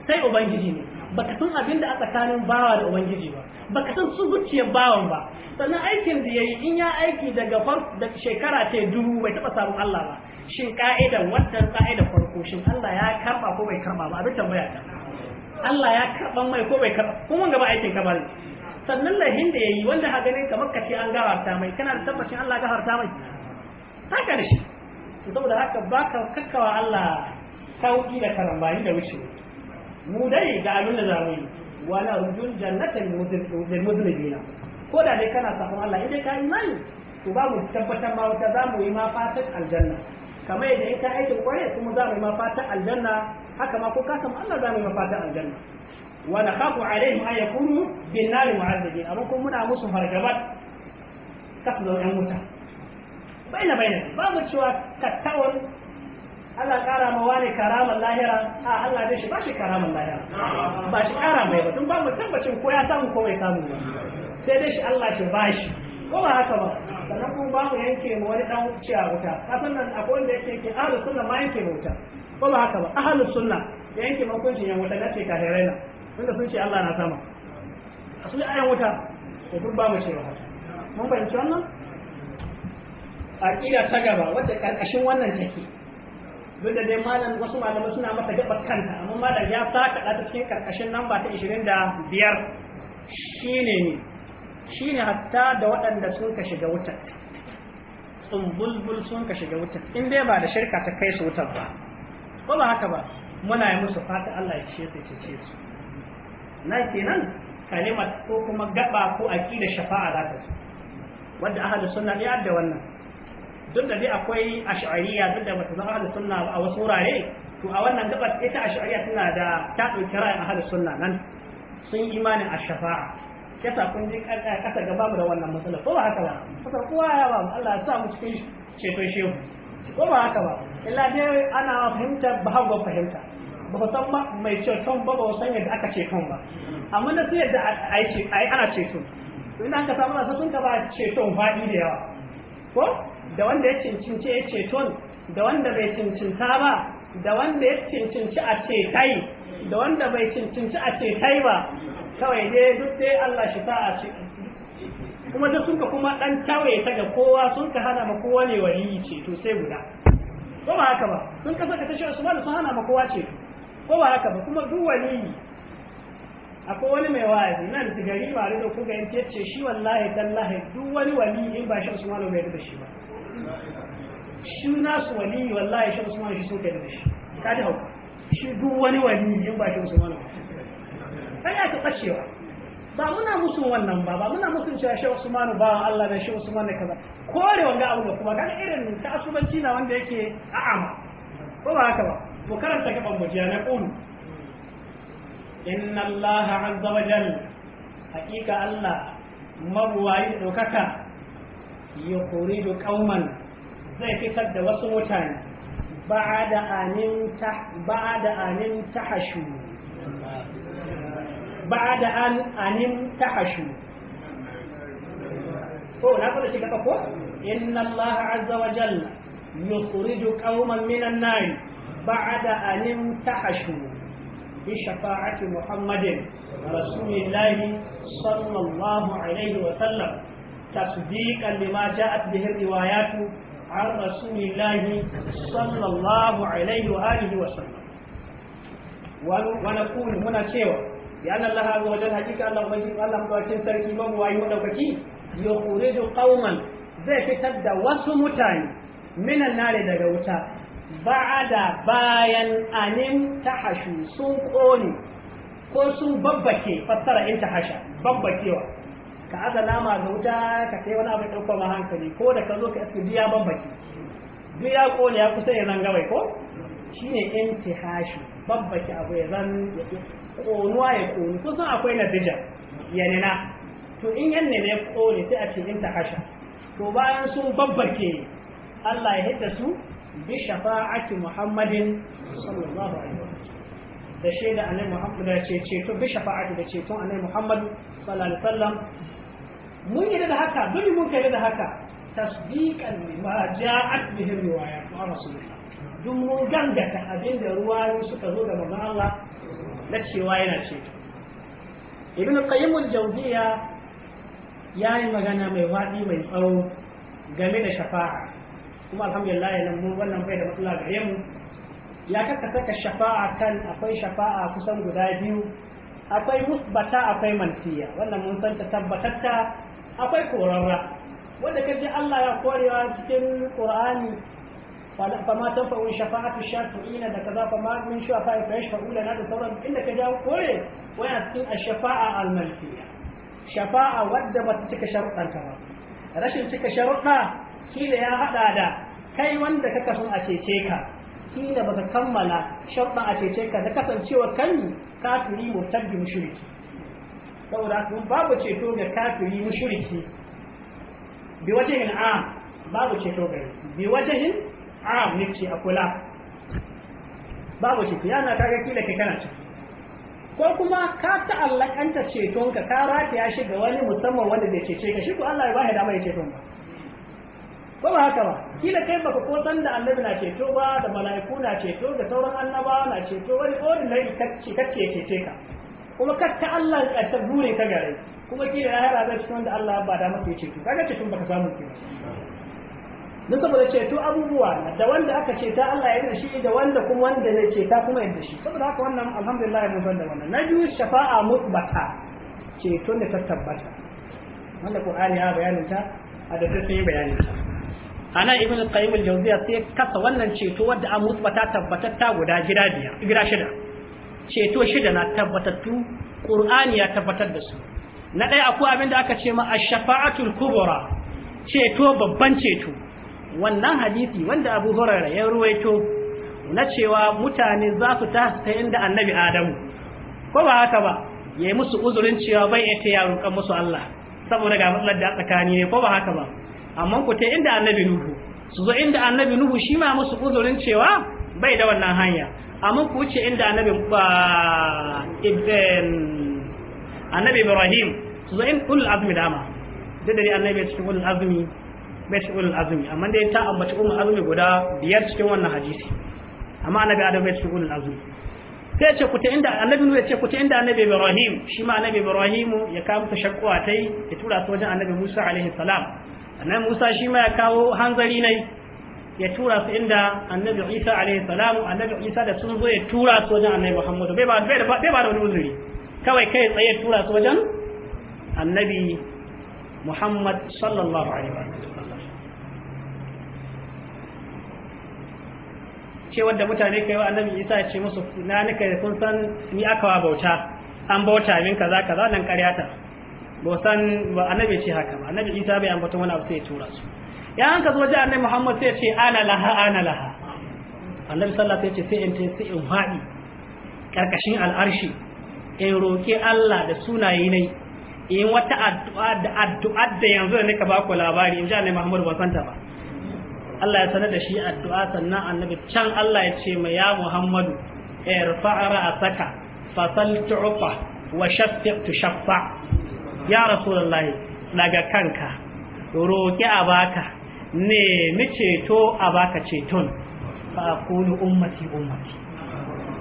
sai ubangiji ne baka san abin da a tsakanin bawa da ubangiji ba baka san su zuciyar bawan ba sannan aikin da yayi in ya aiki daga da shekara ce dubu bai taba samun Allah ba shin ka'idan wannan ka'idar farko shin Allah ya karba ko bai karba ba abin tambaya ta Allah ya karba mai ko bai karba kuma gaba aikin ka bari sannan lahin da yayi wanda ha ganin kamar kace an gafarta mai kana da tabbacin Allah gafarta mai haka da shi saboda haka baka kakkawa Allah sauki da karambani da wuce mu dai ga abin da zamu yi wala rujul jannatin lil ko da dai kana sabon Allah idan ka imani to ba mu tabbatar ma wata mu yi ma fatan aljanna kamar yadda in ka aikin kwarai kuma mu yi ma fatan aljanna haka ma ko ka san Allah mu yi ma fatan aljanna wa nakhafu alaihim an yakunu bin nar mu'azzabin amma kuma muna musu fargabat kasu da yan wuta baina baina babu cewa kattawan Allah kara ma wani karamar lahira a Allah dai shi ba shi karamar lahira ba shi kara mai ba tun ba mu tabbacin ko ya samu ko bai samu ba sai dai shi Allah shi ba shi ko ba haka ba sannan kuma ba mu yanke mu wani dan ciya wuta kasan nan akwai wanda yake ke ahlus sunna ma yanke mu wuta ko ba haka ba ahlus sunna ya yanke hukuncin yan wuta na ce kafirai na tunda sun ce Allah na sama suna ayan wuta to duk ba mu ce haka mun fahimci wannan aqida ta gaba wadda karkashin wannan take duk da dai malam wasu malamai suna masa gabar kanta amma malam ya saka ta cikin karkashin namba ta 25 shine ne shine hatta da waɗanda sun ka shiga wutar bulbul sun ka shiga wutar in dai ba da shirka ta kai su wutar ba ko ba haka ba muna yi musu fata Allah ya ce su ce su na kenan kalimat ko kuma gaba ko aqida shafa'a za ta Wadda wanda sunna ya da wannan duk da dai akwai ash'ariya duk da bata zama hada sunna a wasu wurare to a wannan gabas ita ash'ariya tana da ta dauki ra'ayin ahlus sunna nan sun yi imanin ash-shafa'a sa kun ji kasa gaba mu da wannan matsala ko ba haka ba kusa kowa ya ba Allah ya sa mu cikin ceto shehu ko ba haka ba illa dai ana fahimta ba hawa fahimta ba san ba mai ceton ba ba san yadda aka ceton ba amma na sai yadda ai ana ceto idan ka samu nasu sun ka ba ceton faɗi da yawa ko da wanda ya cincince ya ceton da wanda bai cincinta ba da wanda ya cincinci a cetai da wanda bai cincinci a cetai ba kawai dai duk dai Allah shi sa a ce kuma duk sun ka kuma dan tawaye ta ga kowa sun ka hana ma kowa ne waliyi ce to sai guda ko ba haka ba sun ka saka tashi Usman sun hana ma kowa ce ko ba haka ba kuma duk wani akwai wani mai wa'azi nan da gari ba da kuka yin ce shi wallahi tallahi duk wani wali in ba shi Usman bai da shi ba shi su wali wallahi shi Usman shi sun da shi ka ji hauka shi duk wani wali in ba shi Usman Sai ya ta kashewa ba muna musu wannan ba ba muna musu cewa shi Usman ba Allah da shi Usman ne kaza kore wanga abu da kuma kan irin ta asubanci na wanda yake a'a ko ba haka ba mu karanta gaban mujiya na qulu inna allaha azza wa jal. Haƙiƙa allah mabuwayi ɗaukaka ya kori ƙauman zai fitar da wasu mutane ba da anin ta ba ko oh, na kudu shi ko inna allaha azza wa jalla yukhriju qauman minan nar ba'da anin tahashu بشفاعة محمد رسول الله صلى الله عليه وسلم تصديقا لما جاءت به الروايات عن رسول الله صلى الله عليه وآله وسلم ونقول هنا شيئا لأن الله عز وجل حقيقة الله مجيب الله مباركين سركي مبوعي ودوكتي يخرج قوما zai fitar da wasu mutane minan nare daga wuta ba'ada bayan anim hashu sun kone ko sun babbake fassara in ta hasha, babbakewa ka aza nama ga wuta ka kai wani abin ɗauko ma hankali ko da ka zo ka iske biya babbake duk ya kone ya kusa ya zan gawai ko shine in ta hashu, babbake abu ya zan konuwa ya konu kusan akwai Ya nina. to in yanne ne ya kone sai a ce in ta hasha? to bayan sun babbake Allah ya hita su bi shafa'ati muhammadin sallallahu alaihi wasallam da shaida annabi muhammad da ce ceto bi shafa'ati da ceton annabi muhammad sallallahu alaihi wasallam mun yi da haka dole mun kai da haka tasdiqan lima ja'at bihi riwayat wa rasulullah duk mun gangata abinda ruwayoyi suka zo daga manzon Allah na cewa yana ceto ibn qayyim al-jawziya yayi magana mai wadi mai tsawo game da shafa'a kuma alhamdulillah yana mun wannan bai da matsala gare mu ya kaka saka shafa'a kan akwai shafa'a kusan guda biyu akwai musbata akwai mantiya. wannan mun san ta tabbatatta akwai korarra wanda je Allah ya kore wa cikin Qur'ani fa ma tanfa wa shafa'atu shafi'ina da kaza fa ma min shafa'a fa yashfa'u lana da sauran inda ka kaje kore waya cikin ash-shafa'a al-mansiya shafa'a wadda bata cika sharuɗanta ba rashin cika sharuɗa kila ya hada da kai wanda ka kasan a cece ka kila baka kammala sharɗin a cece ka da kasancewa kan kafiri murtaddi mushriki saboda kuma babu ceto ga kafiri mushriki bi wajen am babu ceto gare bi wajen am ne ce a kula babu ceto yana kaga kila kai kana ciki ko kuma ka ta'allakanta cetonka ka rafiya shi ga wani musamman wanda bai cece ka shi ko Allah ya ba shi damar ya ceton ba ba ba haka ba kila kai baka ko san da annabi na ceto ba da mala'iku na ceto da sauran annaba na ceto wani yi kacce kacce cece ka kuma kakka Allah ya ta gure ka gare kuma kila ya hara zai cikin wanda Allah ba da maka ceto kaga ceton baka samu ki dan saboda ceto abubuwa da wanda aka ceta Allah ya da shi da wanda kuma wanda zai ceta kuma yadda shi saboda haka wannan alhamdulillah mun san da wannan na biyu shafa'a mutbata ceton da ta tabbata wanda Qur'ani ya bayanin ta a da ta yi bayanin ta ana ibn al-qayyim al-jawziya sai kasa wannan ceto wanda an tabbatar tabbatatta guda gida biya gida shida ceto shida na tabbatattu qur'ani ya tabbatar da su na ɗaya akwai abin da aka ce ma ash-shafa'atul kubra ceto babban ceto wannan hadisi wanda Abu Hurairah ya ruwaito na cewa mutane za su tasa inda Annabi Adamu ko ba haka ba yayi musu uzurin cewa bai ita ya roƙa musu Allah saboda ga matsalar da tsakani ne ko ba haka ba amma ku ta inda annabi nuhu su zo inda annabi nuhu shi ma musu uzurin cewa bai da wannan hanya amma ku wuce inda annabi annabi ibrahim su zo in ulul azmi dama da dare annabi cikin ulul azmi bai cikin ulul azmi amma dai ta ambaci ulul azmi guda biyar cikin wannan hadisi amma annabi adam bai cikin ulul azmi sai ce kuta inda annabi ya ce kuta inda annabi ibrahim shi ma annabi ibrahim ya kawo ta shakkuwa tai ya tura su wajen annabi musa alaihi salam annabi Musa shi ma ya kawo hanzari ne ya tura su inda annabi Isa alaihi salamu annabi Isa da sun zo ya tura su wajen annabi Muhammadu bai ba bai ba da wani uzuri kawai kai tsaye ya tura su wajen annabi Muhammad sallallahu alaihi wasallam ce wanda mutane kai wa annabi Isa ya ce musu na nika kun san ni aka wa bauta an bauta min kaza kaza nan ƙaryata. ba san ba annabi ce haka ba annabi Isa bai ambata wani abu sai ya tura su ya an ka zo ji annabi Muhammad sai ya ce ana laha ana laha annabi sallallahu alaihi wasallam sai ya ce sai in haɗi karkashin al'arshi in roki Allah da sunaye ne in wata addu'a da addu'a da yanzu da nika ba ku labari in ji annabi Muhammad ba santa ba Allah ya sanar da shi addu'a sannan annabi can Allah ya ce mai ya Muhammadu irfa'a ra'asaka fasal tu'fa wa shaffiq tushaffa ya rasulullahi daga kanka roƙi a baka nemi ceto a baka ceton fa aqulu ummati ummati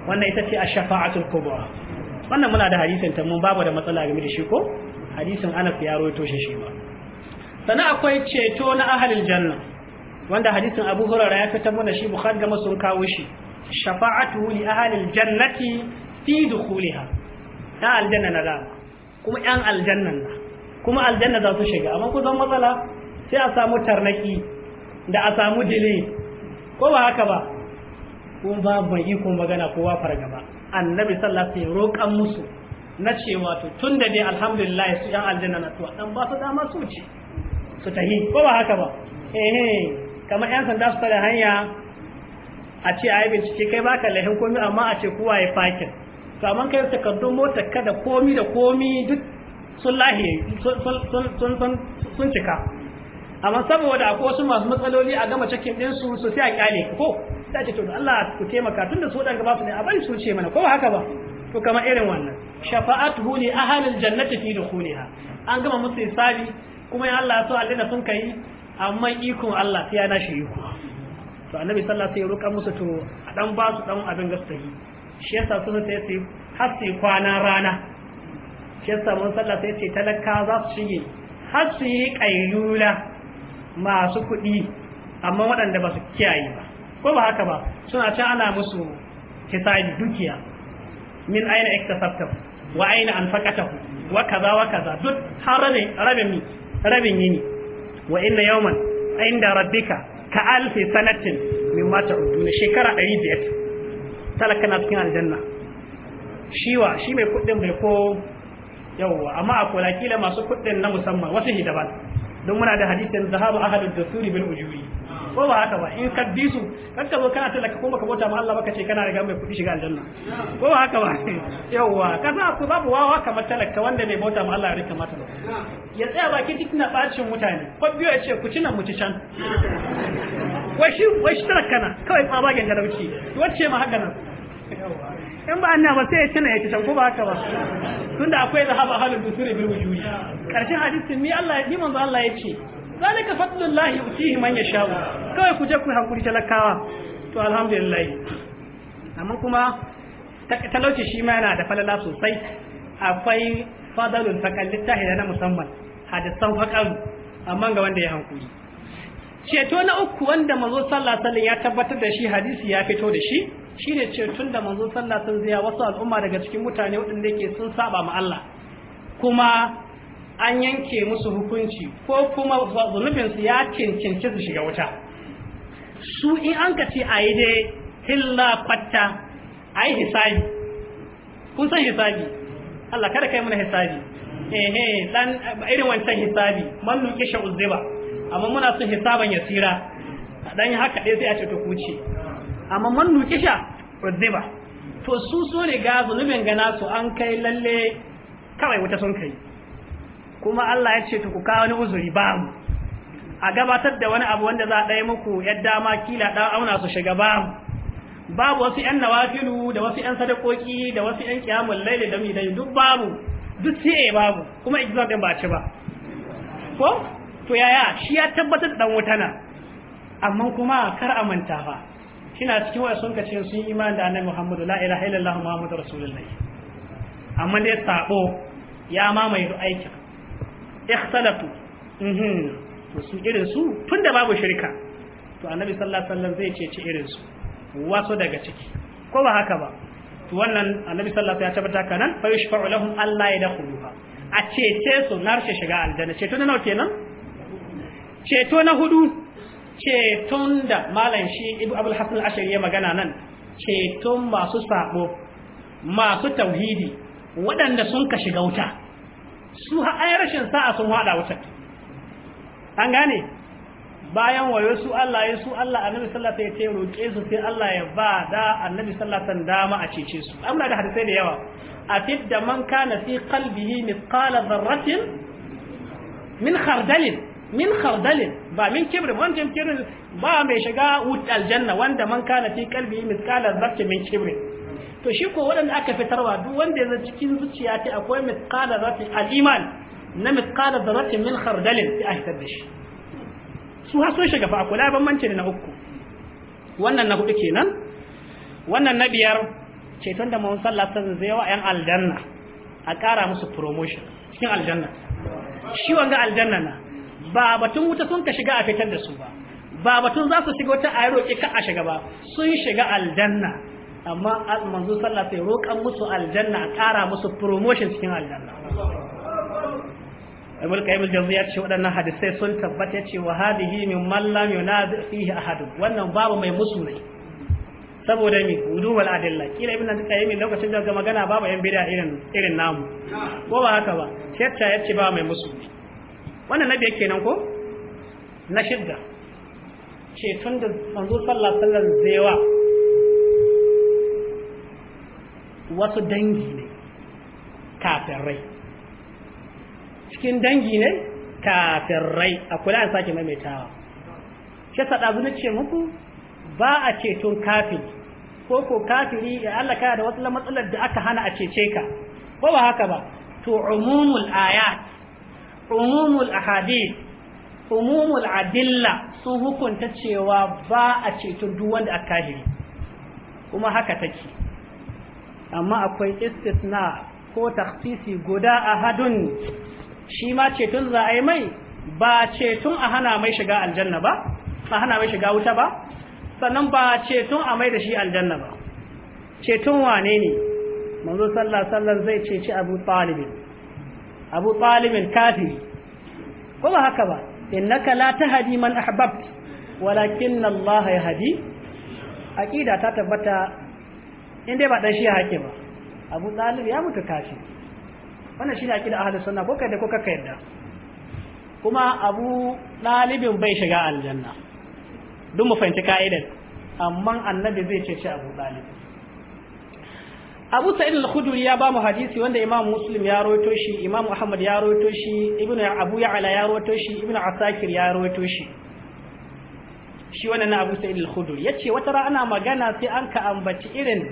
wannan ita ce ash-shafa'atul kubra wannan muna da hadisin ta mun babu da matsala game da shi ko hadisin Anas ya rawaito shi shi ba sannan akwai ceto na ahlul janna wanda hadisin Abu Hurairah ya fitar mana shi Bukhari da sun kawo shi shafa'atu li ahlil jannati fi dukhuliha ta aljanna na dama kuma yan aljannan kuma aljanna za su shiga amma ku zan matsala sai a samu tarnaki da a samu dile ko ba haka ba kun ba mai iko magana kowa fargaba annabi sallallahu alaihi wasallam roƙan musu na cewa to tun da dai alhamdulillah su yan aljanna na tuwa dan ba su dama su ce su tahi ko ba haka ba eh kamar yan sanda su da hanya a ce a yi bincike kai baka lahin komai amma a ce kowa ya fakin to kai takardun mota kada komi da komi duk sun lahiye sun cika amma saboda akwai wasu masu matsaloli a gama cikin din su su sai a kyale ko sai ce to Allah ku taimaka tunda su dan gaba su ne a bari su ce mana ko haka ba to kamar irin wannan shafa'atuhu li ahlil jannati fi dukhuliha an gama musu hisabi kuma ya Allah so Allah sun kai amma ikon Allah sai ya nashi iko to annabi sallallahu alaihi sai ya roka musu to a dan ba su dan abin gaskiya shi yasa sun sai su har sai kwana rana shi yasa mun sallah sai ce talaka za su shige har su yi kailula masu kuɗi amma waɗanda ba su kiyaye ba ko ba haka ba suna can ana musu hisabi dukiya min aina iktasabta wa aina anfaqata wa kaza wa kaza duk har rabin rabin mi rabin yini wa inna yawman inda rabbika ka alfi sanatin mimma ta'uduna shekara 500 talaka na cikin aljanna shiwa shi mai kuɗin bai ko yawwa amma a kola kila masu kuɗin na musamman wasu hidaban don muna da hadisin zahabu da dusuri bil ujuri ko ba haka ba in kaddisu, bi kan ka zo kana talaka ko baka bauta ma Allah baka ce kana riga mai kuɗi shiga aljanna ko ba haka ba yawa ka sa ku babu wawa kamar talaka wanda bai bauta ma Allah ya rika mata ya tsaya baki titina bacin mutane ko biyo ya ce ku ci nan mu ci can wai shi wai shi talaka na kawai tsabagen talauci wacce ma haka nan in ba annaba sai ya ci ya ci ko ba haka ba tunda akwai zahaba halin dusuri bil wujuhi karshen hadisin ni Allah ni manzo Allah ya ce zalika fadlullah yu'tihi man yasha kawai ku je ku hakuri talakawa to alhamdulillah amma kuma talauci shi ma yana da falala sosai akwai fadalun fakan littafi na musamman hadisan fakaru amma ga wanda ya hankuri ceto na uku wanda mazo sallah sallan ya tabbatar da shi hadisi ya fito da shi shine ce tun da manzon sallah sun ziya wasu al'umma daga cikin mutane waɗanda ke sun saba ma Allah kuma an yanke musu hukunci ko kuma zunubinsu ya cancanci su shiga wuta su in an ka ce a yi dai hilla kwatta a yi hisabi kun san hisabi Allah kada kai mana hisabi ehe dan irin wancan hisabi man nuke sha'uziba amma muna son hisaban yasira dan haka dai sai a ce ta kuce amma man nuke sha ba to su so ga zunubin gana su an kai lalle kawai wuta sun kai kuma Allah ya ce to ku kawo wani uzuri mu a gabatar da wani abu wanda za a ɗaya muku yadda ma kila ɗan auna su shiga mu babu wasu yan nawafilu da wasu yan sadakoki da wasu yan kiyamun laili da dai duk babu duk sai babu kuma ijza din ba ci ba ko to yaya shi ya tabbatar dan wuta na amma kuma kar a manta fa kina cikin waya sun kace sun imani da annabi Muhammadu la ilaha illallah Muhammadu rasulullahi amma dai sabo ya mamaye aikin ikhtalatu mhm to su irin su tunda babu shirka to annabi sallallahu alaihi wasallam zai cece irin su wasu daga ciki ko ba haka ba to wannan annabi sallallahu alaihi wasallam ya tabbata kanan fa yashfa'u lahum Allah yadkhuluha a cece su narshe shiga aljanna ceto na nawa kenan ceto na hudu ceton da malam shi ibu abul hasan ya magana nan ceton masu sabo masu tauhidi waɗanda sun ka shiga wuta su ai rashin sa'a sun haɗa wuta an gane bayan wayo su Allah ya su Allah annabi sallallahu ya wasallam ya su sai Allah ya ba da annabi sallallahu dama a cece su amma da hadisai da yawa afid da man kana fi qalbihi mithqala dharratin min khardalin min khardalin ba min kibri wancan kibri ba mai shiga aljanna wanda man kana fi kalbi miskala zarce min kibri to shi ko waɗanda aka fitarwa duk wanda ya cikin zuciya ta akwai miskala zarce al-iman na miskala zarce min khardalin sai a da shi su ha sun shiga fa kula mance na uku wannan na hudu kenan wannan na biyar ceton da mun sallah sun zai wa yan aljanna a ƙara musu promotion cikin aljanna shi wanga aljanna na ba batun wuta sun ka shiga a fitar da su ba ba batun za su shiga wata a roƙi ka a shiga ba sun shiga aljanna amma manzo sallah sai roƙan musu aljanna a ƙara musu promotion cikin aljanna Ibn Qayyim al ya ce waɗannan hadisai sun tabbata cewa hadihi min man lam fihi wannan babu mai musu ne saboda mi wuduwal adilla kila ibn Qayyim lokacin da magana babu yan bid'a irin irin namu ko ba haka ba shetta yace ba mai musu ne wannan na yake nan ko na shidda ce tun da manzo sallah sallar zaiwa wasu dangi ne kafirai cikin dangi ne kafirai a kula an sake maimaitawa shi saɗazu na ce muku ba a ceton kafin ko ko kafiri ya Allah kana da wasu matsalar da aka hana a cece ka ko ba haka ba to umumul ayat عموم الاحاديث عموم العدله sun hukunta cewa ba a ceton duk wanda aka kafiri kuma haka take amma akwai istisna ko takhsisi guda ahadun shi ma ceton za a yi mai ba ceton a hana mai shiga aljanna ba a hana mai shiga wuta ba sannan ba ceton a mai da shi aljanna ba ceton wane ne manzo sallah sallar zai ceci abu talibin abu talibin kafiri ko ba haka ba innaka la tahdi man ahbabt walakin Allah yahdi aqida ta tabbata inda ba dan shi hake ba abu talib ya mutu kafi. wannan shi ne aqida ahlus sunna ko kai da ko kaka yadda kuma abu dalibin bai shiga aljanna duk mu fahimci ka'idar amma annabi zai ce shi abu talib abu sa'id al-khudri ya ba mu hadisi wanda imam muslim ya rawaito shi imam ahmad ya rawaito shi ibnu abu ya'la ya rawaito shi ibnu asakir ya rawaito shi shi wannan abu sa'id al-khudri yace wata rana magana sai an ka ambaci irin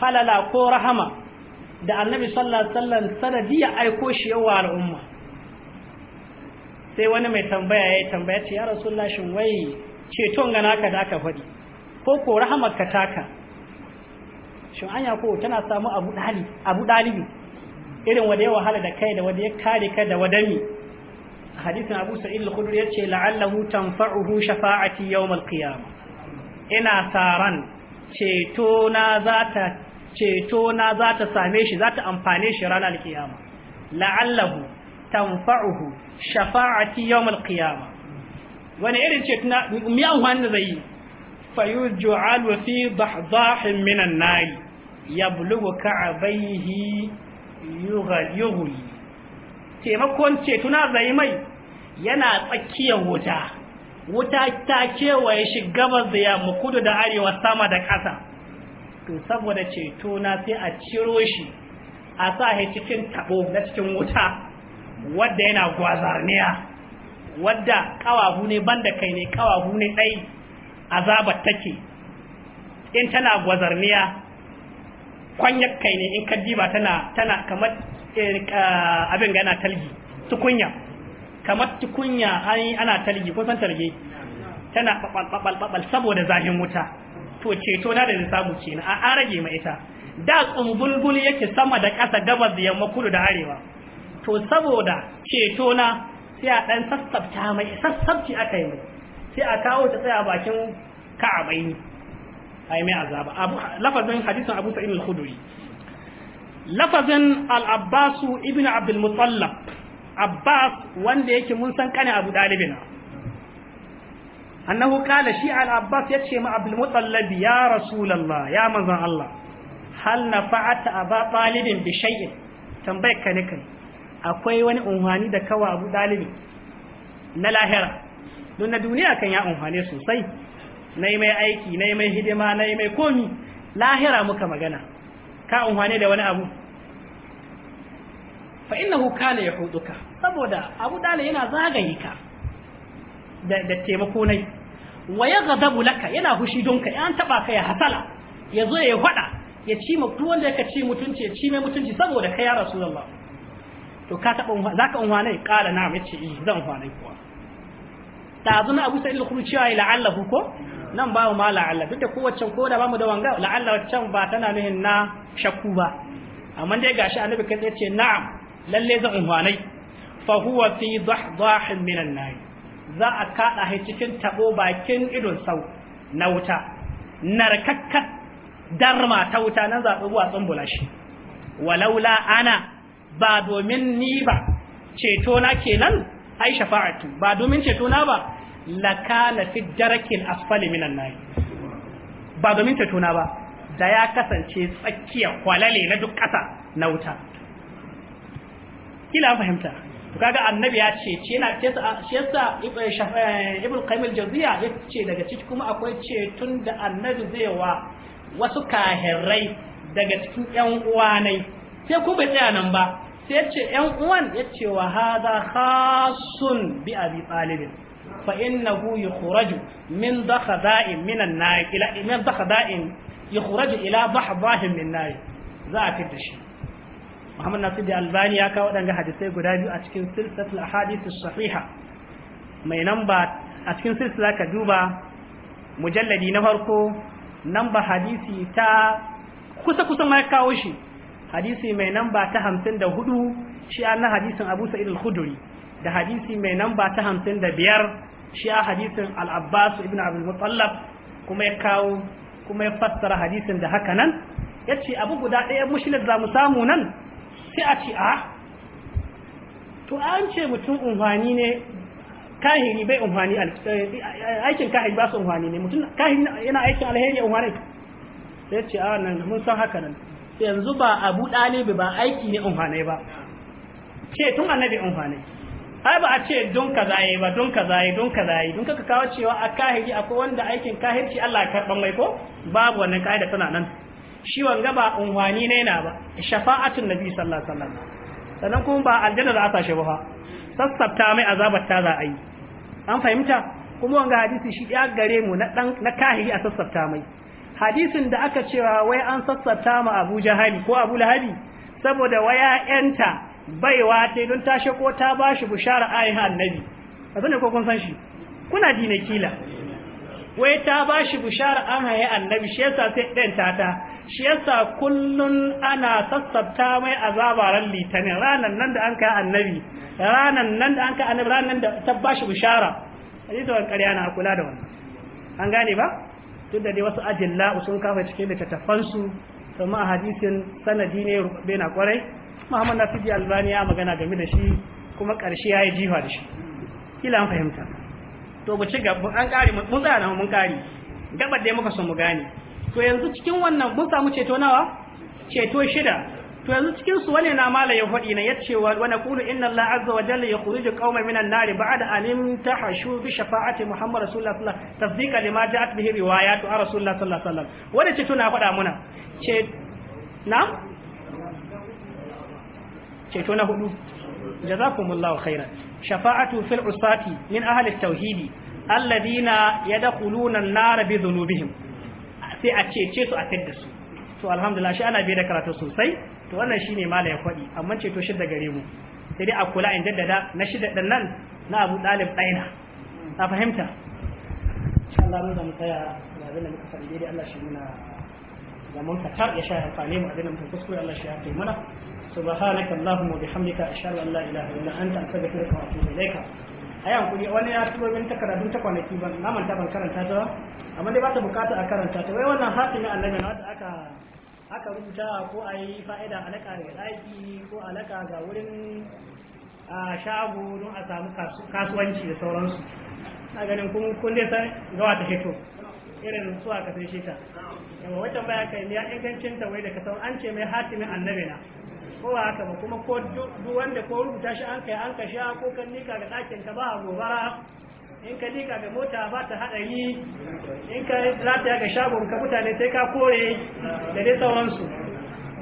falala ko rahama da annabi sallallahu alaihi wasallam sanadiya aiko shi yawa al'umma sai wani mai tambaya ya tambaya ce ya rasulullahi shin wai ceton ga naka da aka faɗi ko ko rahamar ka taka shin anya ko tana samu abu dali abu dalibi irin wanda ya wahala da kai da wanda ya kare kai da wadami hadisin Abu Sa'id al-Khudri yace la'allahu tanfa'uhu shafa'ati yawm al-qiyamah ina saran ceto na zata ceto na zata same shi zata amfane shi ranar al-qiyamah la'allahu tanfa'uhu shafa'ati yawm al-qiyamah wani irin ceto na mi amfani da zai fayuj'alu fi dahdahin minan nari yablugu ka'abaihi yughli taimakon tuna zai mai yana tsakiyar wuta wuta ta kewaye shi gabas da yamma kudu da arewa sama da ƙasa to saboda ceto na sai a ciro shi a sa shi cikin tabo na cikin wuta wadda yana gwazarniya wadda kawahu ne banda kai ne kawahu ne ɗai azabar take in tana gwazarniya kwanyar kai ne in ka diba tana tana kamar eh, abin ga yana talgi tukunya kamar tukunya ana talgi ko san talge tana babal babal babal saboda zahin wuta to ceto na da samu kenan a rage ma ita da tsumbulbul yake sama da ƙasa gabas da yamma kudu da arewa to saboda ceto na sai a dan sassabta mai sassabci aka yi mai sai a kawo ta tsaya bakin ka'abai ai mai azaba lafazin hadisin Abu Sa'id al-Khudri lafazin al-Abbas ibn Abdul al Abbas wanda yake mun san kane Abu Dalibin annahu qala shi al-Abbas yace ma Abdul al-Muttalib ya Rasulullah ya manzon Allah hal nafa'ata Aba Talibin bi shay'in tambayar ka ne kai akwai wani unhani da kawa Abu Dalibin na lahira don na duniya kan ya unhane sosai nayi mai aiki nayi mai hidima nayi mai komi lahira muka magana ka unhwane da wani abu fa innahu kana yahuduka saboda abu dala yana zagaye ka da da taimako nai wa yaghdabu laka yana hushi don ka an taba ka ya hasala yazo ya hada ya ci mu duk wanda ya ci mutunci ya ci mai mutunci saboda kai ya rasulullah to ka taba zaka unhwane kala na mace yi eh, zan unhwane kuwa ta zuna abu sa'id al-khurji yi la'allahu ko nan ba mu ma la'alla duk da kowace ko da ba mu da wanga la'alla waccan ba tana nuhin na shakku ba amma dai gashi annabi kai ce na'am lalle zan umhanai fa huwa fi dahdahin min an za a kada hai cikin tabo bakin idon sau na wuta narkakkat darma ta wuta nan a zuwa tsumbula shi walaula ana ba domin ni ba ceto na kenan ai shafa'atu ba domin ceto na ba lakana fi darakil asfali minan nayi ba domin ta ba da ya kasance tsakiyar kwalale na duk ƙasa na wuta kila fahimta to kaga annabi ya ce ce yana ce shi yasa eh, eh, ibnu qayyim al daga ciki kuma akwai ce tun da annabi zai wa wasu kahirrai daga cikin yan uwanai sai ku bai tsaya nan ba sai yace yan uwan ya ce wa hadha khasun bi abi talibin fa innahu yukhraju min dakhda'in min an-nar ila min dakhda'in yukhraju ila bahdahin min nar za a fitar shi Muhammad Nasir Albani ya kawo waɗanga hadisai guda biyu a cikin silsilatul ahadith as-sahiha mai namba a cikin silsila ka duba mujalladi na farko namba hadisi ta kusa kusa ma kawo shi hadisi mai namba ta hamsin da hudu shi an na hadisin Abu Sa'id al-Khudri da hadisi mai namba ta hamsin da biyar shi a hadisin al ibn abu mutallab kuma ya kawo kuma ya fassara hadisin da haka nan ya ce abu guda ɗaya mushilar za mu samu nan sai a ce a to an ce mutum umfani ne kahiri bai umfani eh, aikin kahiri ba su umfani ne mutum kahiri yana aikin alheri umfani sai ce a nan mun san haka nan yanzu ba abu ɗalibi ba aiki ne umfanai ba ce tun annabi umfanai ai ba a ce don kaza yayi ba don kaza yayi don kaza yayi don kaka kawo cewa a kahiri akwai wanda aikin kahirci Allah ya karban mai ko babu wannan kaida tana nan shi wanga ba unwani ne na ba shafa'atun nabi sallallahu alaihi wasallam sannan kuma ba aljanna za a tashi ba fa sassafta mai azabar ta za a yi an fahimta kuma wanga hadisi shi ya gare mu na dan na kahiri a sassafta mai hadisin da aka cewa wai an sassafta ma Abu Jahali ko Abu Lahabi saboda waya yanta baiwa ta don ta shako ta ba shi bushara ayin annabi a zane ko kun san shi kuna dina kila wai ta ba shi bushara an haye annabi shi yasa sai ɗan tata shi yasa kullun ana sassabta mai azaba ran litinin ranar nan da an kai annabi ranar nan da an kai annabi ranar da ta ba shi bushara yi wani ƙarya na kula da wani. an gane ba duk da dai wasu la'u sun kafa cikin littattafansu kuma hadisin sanadi ne bai na kwarai Muhammad Nasir Albani ya magana game da shi kuma karshe ya yi jifa da shi kila an fahimta to mu ci gaba an ƙari mun tsaya mun ƙari gabar da muka son mu gane to yanzu cikin wannan mun samu ceto nawa ceto shida to yanzu cikin su wane na mala ya faɗi na ya ce wa wani naqulu inna Allah azza wa jalla yukhriju qauman minan nar ba'da an hashu bi shafa'ati Muhammad rasulullah sallallahu alaihi wasallam tasdiqan lima ja'at bihi riwayatu rasulullah sallallahu alaihi wasallam wani ceto na faɗa muna ce na'am ceto na hudu jazakumullahu khairan shafa'atu fil usati min ahli tauhidi alladina yadkhuluna an-nar bi dhunubihim sai a cece su a fidda su to alhamdulillah shi ana bai da karatu sosai to wannan shine mala ya kwadi amma ceto shi da gare mu sai dai a kula in jaddada na shida din nan na Abu Talib daina a fahimta insha Allah mun zama tsaya da abin da muka Allah shi muna zaman katar ya sha mu kuskure Allah shi ya mana subhanaka allahumma bihamdika ashhadu an la ilaha illa anta astaghfiruka wa atubu ilaika ai hankuri wani ya tuba min takardu ta kwanaki ban na manta ban karanta ta amma dai ba ta bukata a karanta ta wai wannan hatimin annabi na wanda aka aka rubuta ko a yi fa'ida alaka ga daki ko alaka ga wurin a shago don a samu kasuwanci da sauransu a ganin kun kun dai san gawa ta hito irin su aka sai shi ta yawa wajen baya kai ya ingancin ta wai da kasan an ce mai hatimin annabi na ko haka ba kuma ko duk wanda ko rubuta shi an kai an ka sha ko kan nika ga ɗakin ka ba gobara in ka nika ga mota ba ta haɗari in ka lafiya ga shagon ka mutane sai ka kore da dai sauransu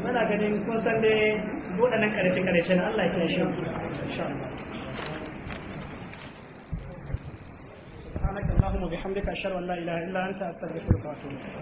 muna ganin kun san dai waɗannan ƙarshe na Allah ya shi insha Allah سبحانك اللهم وبحمدك أشهد أن لا إله إلا أنت أستغفرك وأتوب إليك